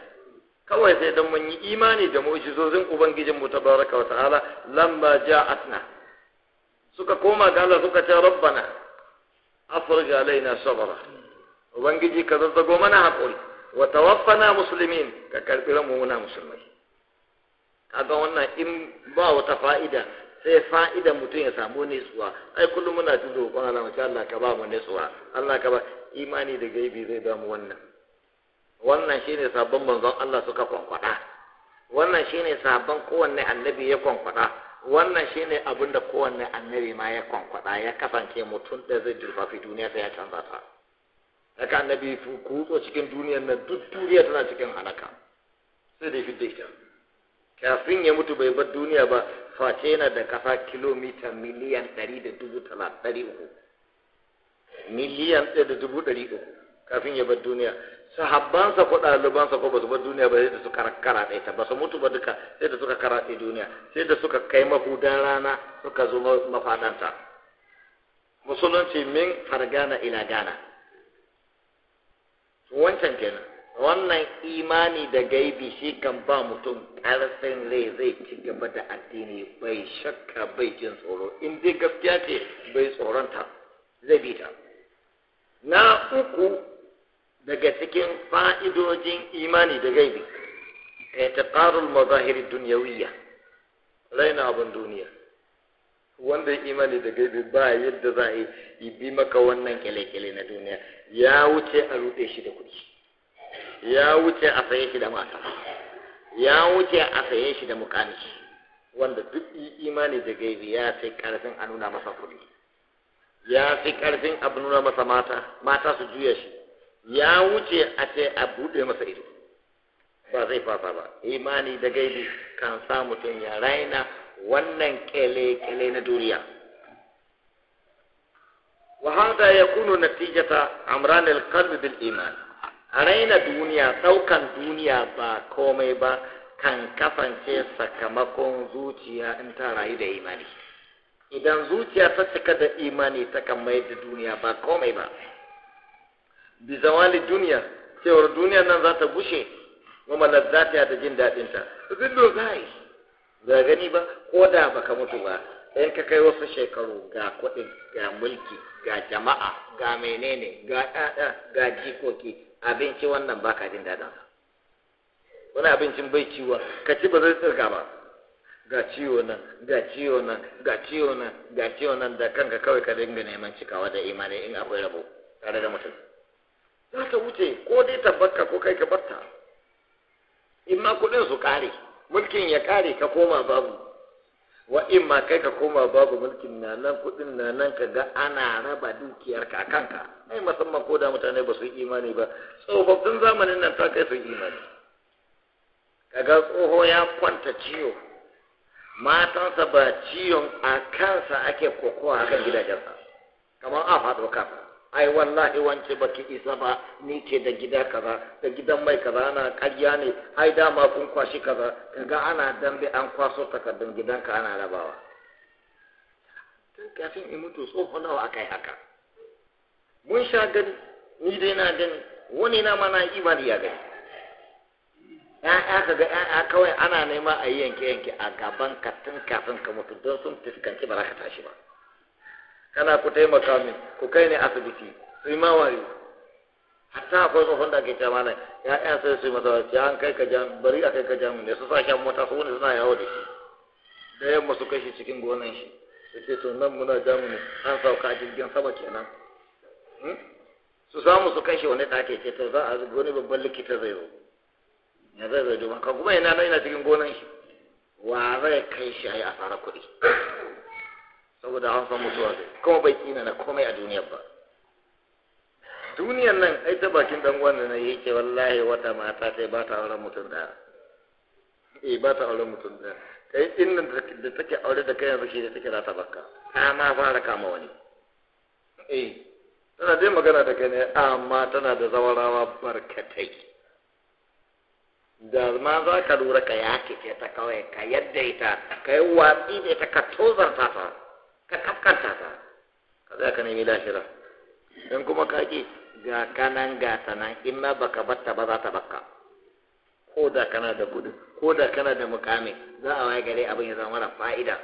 kawai sai dan mun yi imani da mu'jizozin ubangijin mu tabaraka wa ta'ala lamma ja'atna suka koma ga Allah suka ce rabbana afrij alaina sabra ubangiji ka zazzago mana hakuri wa tawaffana muslimin ka karbi mu muna musulmai kaga wannan in ba wata fa'ida sai fa'idan mutum ya samu nesuwa ai kullum muna jin roƙon Allah mace Allah ka ba mu nesuwa Allah ka ba imani da gaibi zai ba mu wannan wannan shine sabon manzon Allah suka kwankwada wannan shine sabon kowanne annabi ya kwankwada wannan shine abin da kowanne annabi ma ya kwankwada ya kasance mutum da zai jirfafi duniya sai ya canza ta haka annabi kutso cikin duniyar nan duk duniya tana cikin halaka sai da fidda ita kafin ya mutu bai bar duniya ba face yana da kafa kilomita miliyan ɗari da dubu ɗari uku miliyan ɗaya da dubu ɗari uku kafin ya bar duniya sahabbansa ko ɗalibansa ko ba su bar duniya ba sai da suka karaɗe ta ba su mutu ba duka sai da suka karaɗe duniya sai da suka kai mahudan rana suka zo mafaɗanta musulunci min har gana ila gana wancan kenan wannan imani da gaibi shi kan ba mutum ƙarfin rai zai ci gaba da addini bai shakka bai jin tsoro in dai gaskiya ce bai tsoronta zai bi ta na uku daga cikin fa'idojin imani da gaibi itiqarul mazahir dunyawiyya raina abin duniya wanda imani da gaibi ba yadda za a yi bi maka wannan kyale-kyale na duniya ya wuce a rute shi da kuɗi ya wuce a saye shi da mata ya wuce a saye shi da mukami wanda duk imani da gaibi ya fi karfin a nuna masa kuɗi ya fi karfin a nuna masa mata mata su juya shi ya wuce a ce a buɗe masa ido ba zai fasa ba imani da gaibi kan sa mutum ya raina wannan kele-kele na duniya وهذا يكون نتيجة عمران القلب بالإيمان raina duniya ɗaukan duniya ba komai ba kan kafance sakamakon zuciya in ta rayu da imani idan zuciya ta cika da imani ta kan mai da duniya ba komai ba bi zawali duniya cewar duniya nan za ta gushe kuma lazzatiya da jin daɗinta zillo zai ba gani ba ko da baka mutu ba in ka kai wasu shekaru ga kuɗi ga mulki ga jama'a ga menene ga ɗaɗa ga jikoki abinci wannan baka jin daɗin sa wani abincin bai ciwo ka ci ba zai tsirka ba ga ciwo nan ga ciwo nan ga ciwo nan ga ciwo nan da kanka kawai ka dinga neman cikawa da imani in akwai rabo tare da mutum za ta wuce ko dai tabbatka ko kai ka barta in ma kuɗin su ƙare mulkin ya ƙare ka koma babu wa in ma kai ka koma babu mulkin na nan kudin na nan ka ga ana raba dukiyar a kanka ai musamman ko da mutane ba su yi imani ba tsofaffin zamanin nan ta kai su imani ka ga tsoho ya kwanta ciwo matansa ba ciwon a kansa ake kokowa a kan gidajensa kamar a faɗo kafa ai wallahi wance baki isa ba ni ke da gida kaza da gidan mai kaza ana karya ne ai dama kun kwashi kaza kaga ana dambe an kwaso takardun gidanka ana rabawa kafin in mutu tsoho nawa akai haka mun sha gani ni dai na gani wani na mana na imani ya gani ‘ya'ya ka ga ‘ya'ya kawai ana nema a yi yanke-yanke a gaban ka tun kafin ka mutu don sun fuskanci ba za ka tashi ba. kana ku taimaka min ku kai ni asibiti su yi mawayo hatta akwai tsohon da ake ce mana ya'ya sai su yi masa wasu an kai ka jami bari a kai ka jami ne su sa shan mota su wani suna yawo da shi da yamma su kai shi cikin gonan shi su ce to nan muna jami an sauka a jirgin sama kenan hmm? su samu su kai shi wani ake ce to za a wani babban likita zai zo ya zai zai domin ka kuma ina nan yana cikin gonan shi wa zai kai shi a yi asarar kuɗi saboda an san mutuwa zai kuma bai tsina na komai a duniyar ba duniyar nan ai ta bakin dan wanda na yi ce wallahi wata mata sai ba ta auren mutum da eh ba ta auren mutum da kai din nan da take aure da kai yanzu shi da take rata bakka ta ma fara kama wani eh tana dai magana da kai ne amma tana da zawarawa barkatai da ma za ka lura ka yake ce ta kawai ka yadda ita ka yi watsi da ita ka tozarta ta ka tafkanta ta ka za ka nemi lahira don kuma ka ki ga kanan ga sanan in ma baka batta ba za ta baka ko da kana da kudin ko da kana da mukami za a waye gare abin ya zama mara fa'ida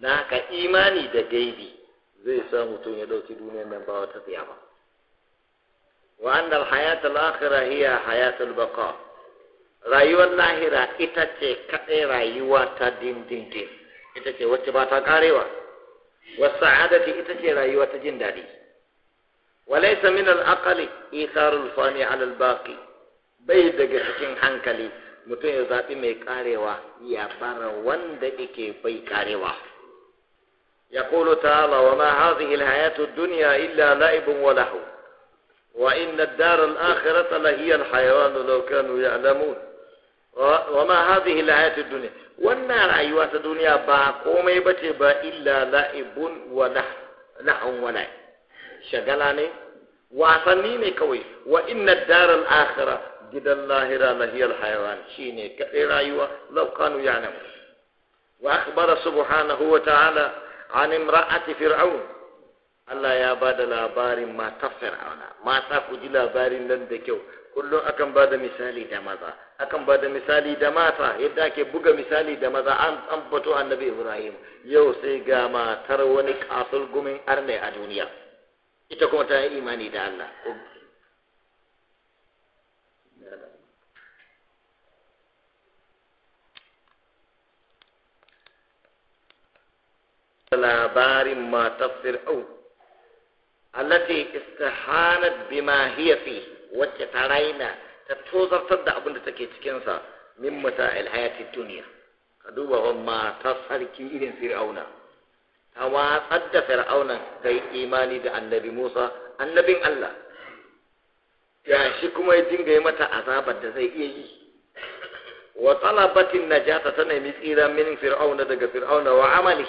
na ka imani da gaibi zai sa mutum ya ɗauki duniyar nan ba wata tsiya ba wa annal hayatul akhirah hiya hayatul baqa rayuwar lahira ita ce kadai rayuwa ta dindindin ita ce wacce ba ta karewa wasa'adati ita ce rayuwa ta jin daɗi walaysa min al-aqli itharul fani 'ala al-baqi bai daga cikin hankali mutum ya zaɓi mai karewa ya fara wanda yake bai karewa ya wa يقول تعالى وما هذه الحياة الدنيا إلا لعب ولهو وإن الدار الآخرة لهي الحيوان لو كانوا يعلمون وما هذه الحياة الدنيا wannan rayuwa ta duniya ba komai ba ce ba illa la'ibun wa la'an wa shagala ne wasanni ne kawai wa inna daral akhira gidan lahira lahiyar hayawan shine kadai rayuwa law kanu ya'lamu wa akhbara subhanahu wa ta'ala an imra'ati fir'aun Allah ya ba da labarin matar fir'auna mata ku ji labarin nan da kyau kullum akan ba da misali da maza akan ba da misali da mata yadda ake buga misali da maza an ambato annabi ibrahim yau sai ga matar wani kasul gumin arne a duniya ita kuma ta yi imani da allah labarin matar fir'au allati istihanat bima hiya fihi wacce ta raina ta tozartar da abin da take cikinsa min mata alhayati duniya ka duba wa ta sarki irin fir'auna ta watsar da fir'auna ta yi imani da annabi musa annabin allah ya shi kuma ya dinga yi mata azabar da zai iya yi wa talabatin najata ta nemi tsira min fir'auna daga fir'auna wa amali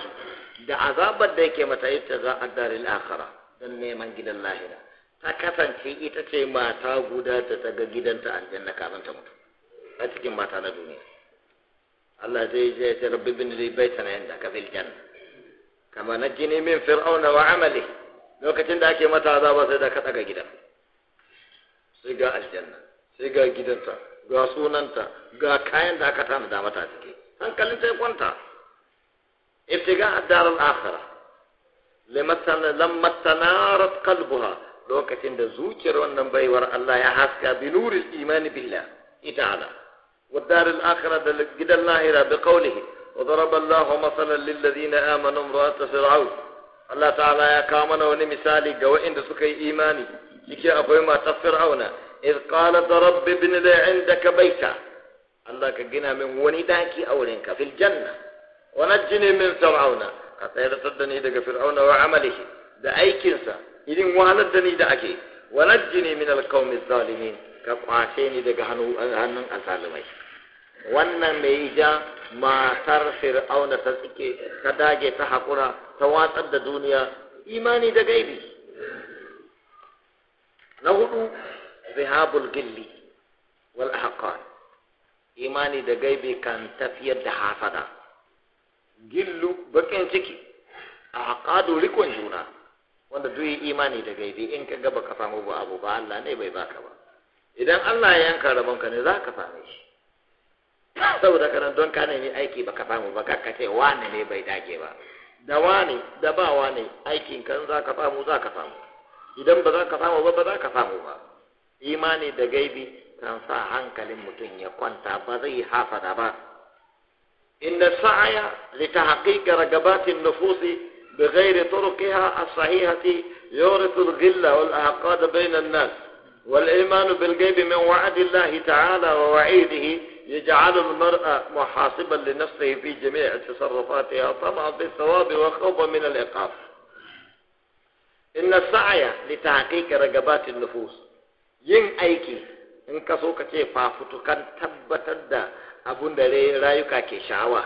da azabar da yake mata ita za a daril akhara don neman gidan lahira ta kasance ita ce mata guda da ta ga gidanta aljanna kafin ta mutu a cikin mata na duniya Allah zai je ya rabbi bin bai baitana da ka fil janna kama na gini min fir'auna wa amali lokacin da ake mata ba sai da ka daga gidan sai ga aljanna sai ga gidanta ga sunanta ga kayan da aka tana da mata ciki hankalin sai kwanta ibtiga ad-dar al-akhirah lamma tanarat qalbuha lokacin da zuciyar wannan baiwar Allah ya haska bi nuril imani billah ta'ala wa daril akhirah da gidan lahira bi qawlihi wa daraba Allahu masalan lil ladina amanu ra'at fir'aun Allah ta'ala ya kawo mana wani misali ga wanda suka yi imani yake akwai matar fir'auna iz qalat rabbi ibn li indaka baita Allah ka gina min wani daki a wurinka fil janna wa najjini min fir'auna ka tsayar da ni daga fir'auna wa amalihi da aikinsa irin wahalar da ni da ake wanajjini min alqawmi zalimin ka kwace ni daga hannun azalimai wannan mai ja matar fir'auna ta suke ta dage ta haƙura ta watsar da duniya imani da gaibi na hudu zihabul gilli wal haƙar. imani da gaibi kan tafiyar da hafada gillu bakin ciki ahqadu rikon juna wanda duk imani da gaibi in ka ga baka samu ba abu ba Allah ne bai baka ba idan Allah ya yanka ka ne za ka same shi saboda kana don ka ni aiki baka samu ba ka ce wane ne bai dage ba da wani da ba wani aikin kan za ka samu za ka samu idan ba za ka samu ba ba za ka samu ba imani da gaibi kan sa hankalin mutum ya kwanta ba zai da ba inda sa'aya li tahqiqa ragabatin nufusi بغير طرقها الصحيحة يورث الغلة والأعقاد بين الناس والإيمان بالغيب من وعد الله تعالى ووعيده يجعل المرأة محاسبا لنفسه في جميع تصرفاتها طمعا بالثواب وخوفا من العقاب إن السعي لتحقيق رغبات النفوس ين أيكي إن كسوكتي فافتو كان تبتد أبو tabbatar da abun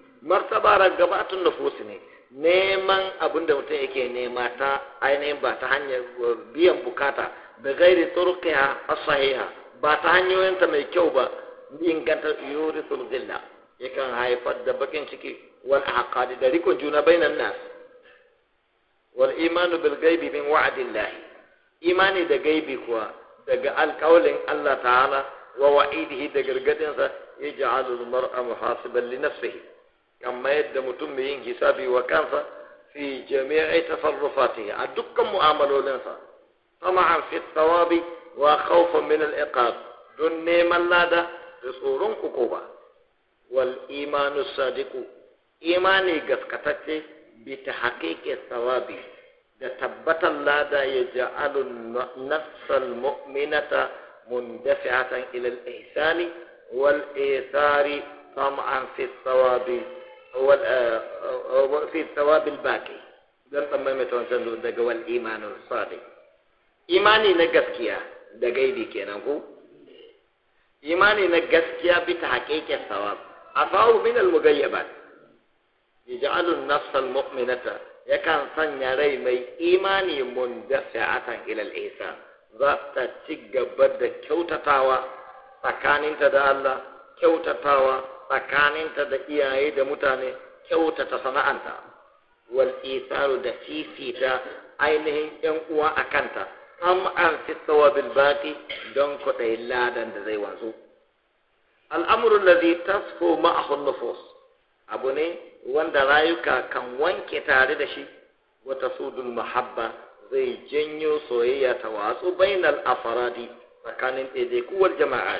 martaba gabatun nufusi ne neman abin da mutum yake nema ta ainihin ba ta hanyar uh, biyan bukata da gairi turkiya sahiha ba ta hanyoyinta mai kyau ba inganta yuri sulzilla yakan haifar da bakin ciki wal haƙaɗi da rikon juna bainan nas wal imanu bil gaibi min lahi imani da gaibi kuwa daga alƙawalin Allah ta'ala wa wa'idihi da gargadinsa ya ji mar'a a muhasibar linafsihi amma yadda mutum mai yin hisabi wa kansa fi jami'ai tafarrufatihi a dukkan mu'amalolinsa tama'an fi thawabi wa khawfan min al-iqab don neman lada da tsoron ukuba wal imanu sadiqu imani gaskatacce bi tahqiqi tsawabi da tabbatar lada ya ja'alun nafsal mu'minata mundafi'atan ila al-ihsani wal ithari طمعا في الثواب fi tsawabil baki zan san maimaita wancan zo daga wal imanin sadi imani na gaskiya da gaibi kenan ko imani na gaskiya bi ta haƙiƙin sawab afahu min al mughayyabat yaj'alu an-nafs al-mu'minata yakan sanya rai mai imani mundafi'atan ila al-ihsan za ta ci gaba da kyautatawa tsakaninta da Allah kyautatawa tsakaninta da iyaye da mutane kyautata sana'anta wal isaru da fifita ainihin yan uwa a kanta am an fi tsawabil baki don kwaɗayin ladan da zai wanzu al'amuru lazi tasfo ma'ahun nufus abu ne wanda rayuka kan wanke tare da shi wata sudul mahabba zai janyo soyayya ta watsu bainal afaradi tsakanin ɗaiɗaikuwar jama'a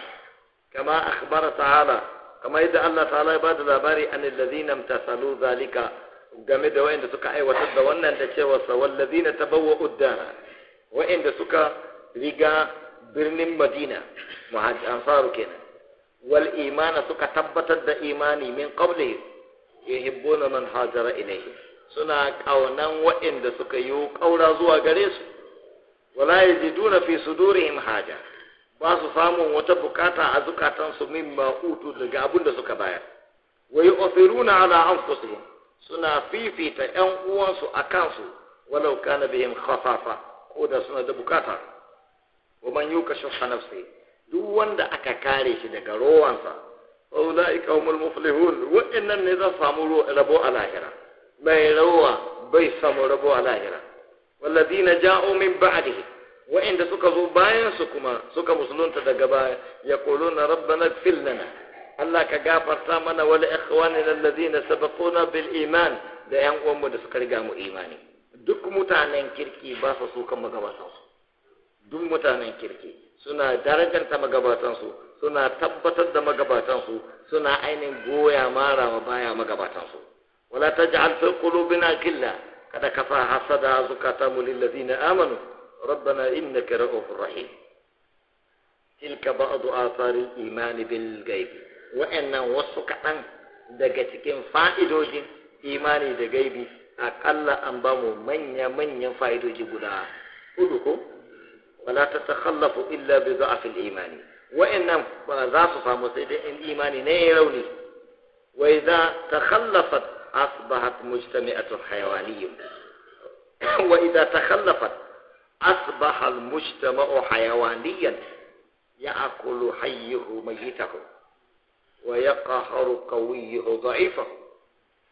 kama akhbara ta'ala kamar yadda Allah ta'ala ya ba da labari an allazina tasalu zalika game da wayanda suka aiwatar da wannan da cewa sa wallazina tabawwa'u uddana. wayanda suka riga birnin Madina muhajir walimana kenan wal imana suka tabbatar da imani min qabli yuhibbuna man hajara ilayhi suna kaunan wayanda suka yi kaura zuwa gare su wala yajiduna fi sudurihim haja ba su samun wata bukata a zukatansu min ma'utu daga abin da suka bayar wa yu'thiruna ala anfusihim suna fifita ƴan uwansu a kansu walau kana bihim khafafa ko da suna da bukata wa man yuka shuhha nafsi duk wanda aka kare shi daga rowansa ulaika humul muflihun wa'annan ne za su samu rabo a lahira mai rawa bai samu rabo a lahira والذين جاءوا من بعده wa'inda suka zo bayan su kuma suka musulunta daga baya na rabbana fil lana Allah ka gafarta mana wal ikhwanina alladhina sabaquna bil iman da yan uwanmu da suka riga mu imani duk mutanen kirki ba su so kan magabatan su duk mutanen kirki suna darajanta magabatan su suna tabbatar da magabatan su suna ainihin goya mara wa baya magabatan su wala taj'al fi qulubina killa kada kafa fa hasada zukata lil ladina amanu ربنا إنك رؤوف رحيم تلك بعض آثار الإيمان بالغيب وأن وسك عن دقتك فائدوج إيماني بالغيب أقل أنبام من من فائدوج بلا أدوكم ولا تتخلف إلا بضعف الإيمان وإن ضعف فمسيد الإيمان نيروني وإذا تخلفت أصبحت مجتمعة حيوانية وإذا تخلفت أصبح المجتمع حيوانيا يأكل حيه ميته ويقهر قويه ضعيفه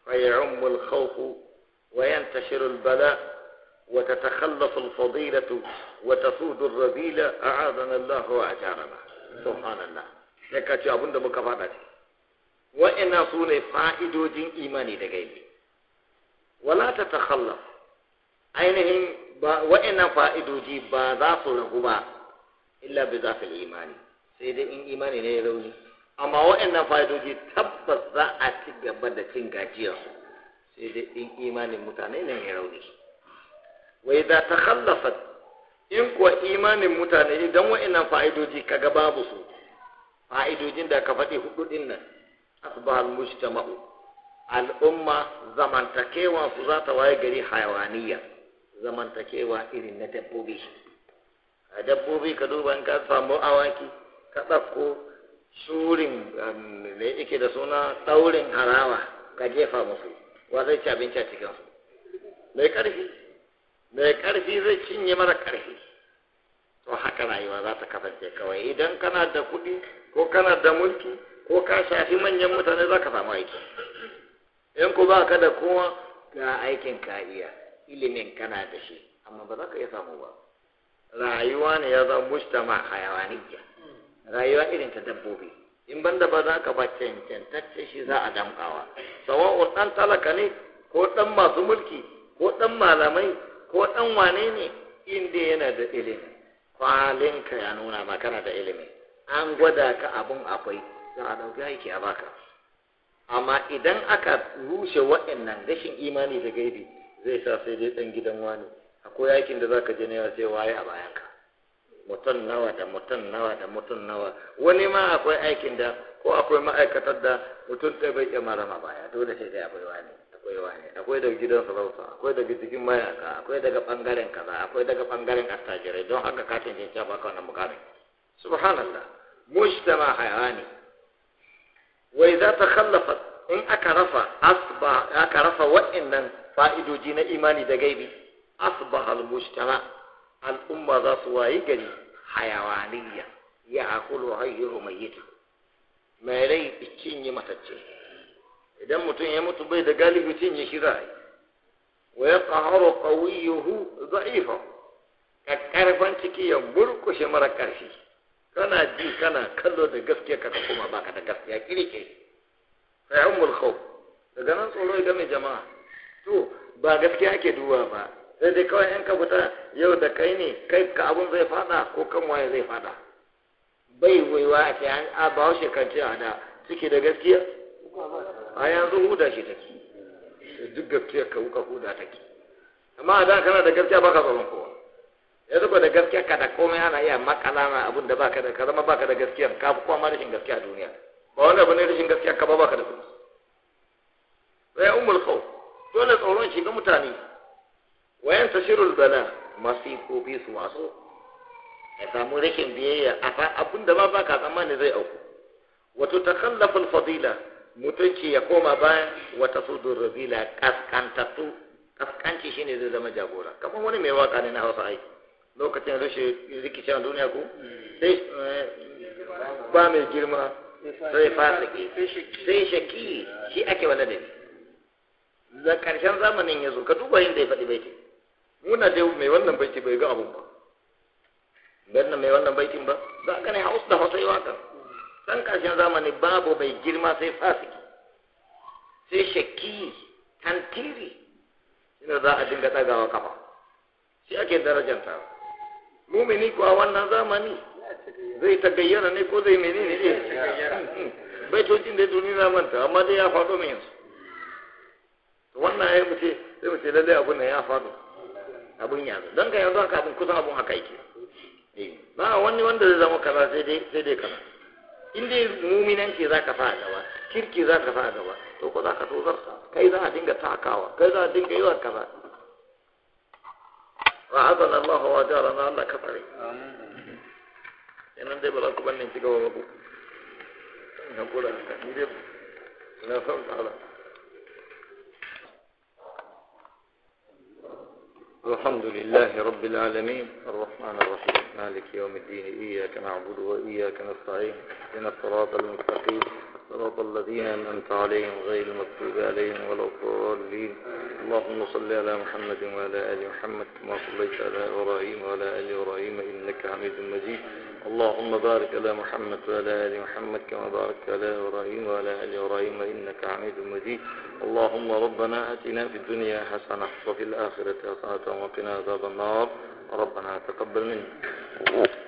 فيعم الخوف وينتشر البلاء وتتخلف الفضيلة وتسود الرذيلة أعاذنا الله وأجارنا سبحان الله لك أبن مكفاتك وإن أصول فائد جن إيماني دقيني ولا تتخلف أينهم ba wa'annan fa'idoji ba za su rahu ba illa bi za imani sai dai in imani ne ya rauni amma wa'annan fa'idoji tabbas za a ci gaba da cin su, sai dai in imanin mutane ne ya rauni wa idza takhallafat in kuwa imanin mutane idan wa'annan fa'idoji kaga babu su fa'idojin da ka faɗi hudu din nan asbahal mujtama'u al'umma zamantakewa su za ta waye gari hayawaniya zamantakewa irin na dabbobi a dabbobi ka duba in ka samu awaki ka ɗauko surin da um, yake da suna ɗaurin harawa ka jefa musu wa zai ci abinci a cikinsu mai ƙarfi mai ƙarfi zai cinye mara ƙarfi to haka rayuwa za ta kasance kawai idan kana da kuɗi ko kana da mulki ko ka shafi manyan mutane za ka samu aiki in ku ba ka da kowa ga aikin ka iya ilimin kana da shi amma ba za ka iya samu ba rayuwa ne ya zama mujtama hayawaniyya rayuwa irin ta dabbobi in banda ba za ka ba cancantacce shi za a damkawa sawa'un ɗan talaka ne ko ɗan masu mulki ko ɗan malamai ko ɗan wane ne inda yana da ilimi kwalinka ya nuna ma kana da ilimi an gwada ka abun akwai za a dauki aiki a baka amma idan aka rushe waɗannan rashin imani da gaibi zai sa sai dai ɗan gidan wani akwai yakin da zaka je ne sai waye a bayanka mutum nawa da mutum nawa da mutum nawa wani ma akwai aikin da ko akwai ma'aikatar da mutum ɗaya bai iya malama baya dole sai dai akwai wani akwai wani akwai daga gidan sarauta akwai daga jikin mayaka akwai daga bangaren kaza akwai daga bangaren attajirai don haka ka tantance ba ka wannan bukari subhanallah mujtama hayawani wa idza takhallafat in aka rafa asba aka rafa wa'annan fa'idoji na imani da gaibi asbaha al-mujtama al'umma za su wayi gari hayawaniya ya akulu hayyiru mayyitu mai rai cinye matacce idan mutum ya mutu bai da galibi cinye shi za a yi wa ya qaharu qawiyuhu Ka karfan ciki ya burkushe mara karfi kana ji kana kallo da gaskiya ka kuma baka da gaskiya kirike sai an khawf daga nan tsoro ya mai jama'a to ba gaskiya ake duba ba sai dai kawai in ka fita yau da kai ne kai ka abun zai fada ko kan waye zai fada bai waiwa a ce an ba wa shekarci a da ciki da gaskiya a yanzu huda shi take duk gaskiya ka wuka huda take amma a da kana da gaskiya ba ka tsoron kowa yanzu ba da gaskiya ka da komai ana iya makala na abun da baka da ka zama baka da gaskiya ka fi kuma rashin gaskiya a duniya ba wanda ne rashin gaskiya ka ba baka da kuɗi sai umul khawf dole tsoron shi ga mutane wayan tashirul bala kofi su masu ya samu rashin biyayya a abin da ba ba ka tsammani zai auku wato takallafin fadila mutunci ya koma baya wata sudur rabila kaskantattu kaskanci shine zai zama jagora kamar wani mai waka ne na hausa ai lokacin rashin rikicin duniya ko sai eh, ba mai girma sai fasiki sai shaki shi ake wani da ni da karshen zamanin ya zo ka duba yin da ya faɗi baiti muna dai mai wannan baiti bai ga abun ba na mai wannan baitin ba za ka ne hausa da hausa yi kan san karshen zamani babu mai girma sai fasiki sai shakki tantiri ina za a dinga ɗagawa kafa shi ake darajanta mumini ko a wannan zamani zai ta gayyana ne ko zai menene ne tocin da duniya manta amma dai ya faɗo mai yanzu wannan ya yi ce sai mu ce lallai abun nan ya faru abun ya don ka yanzu haka abun kusan abun haka yake eh. ba wani wanda zai zama kaza sai dai sai dai kaza in dai ke za ka fa a gaba kirki za ka fa a gaba to ko za ka tozar kai za a dinga takawa kai za a dinga yi wa kaza wa azan Allah wa jara na Allah kafare yanan dai ba za ku bannin shiga wa ba ku na kula ni dai na san tsara الحمد لله رب العالمين الرحمن الرحيم مالك يوم الدين إياك نعبد وإياك نستعين إن الصراط المستقيم صراط الذين أنعمت عليهم غير المغضوب عليهم ولا الضالين اللهم صل على محمد وعلى آل محمد كما صليت على إبراهيم وعلى آل إبراهيم إنك حميد مجيد اللهم بارك على محمد وعلى آل محمد كما باركت على إبراهيم وعلى آل إبراهيم إنك حميد مجيد اللهم ربنا آتنا في الدنيا حسنة وفي الآخرة حسنة وقنا عذاب النار ربنا تقبل منا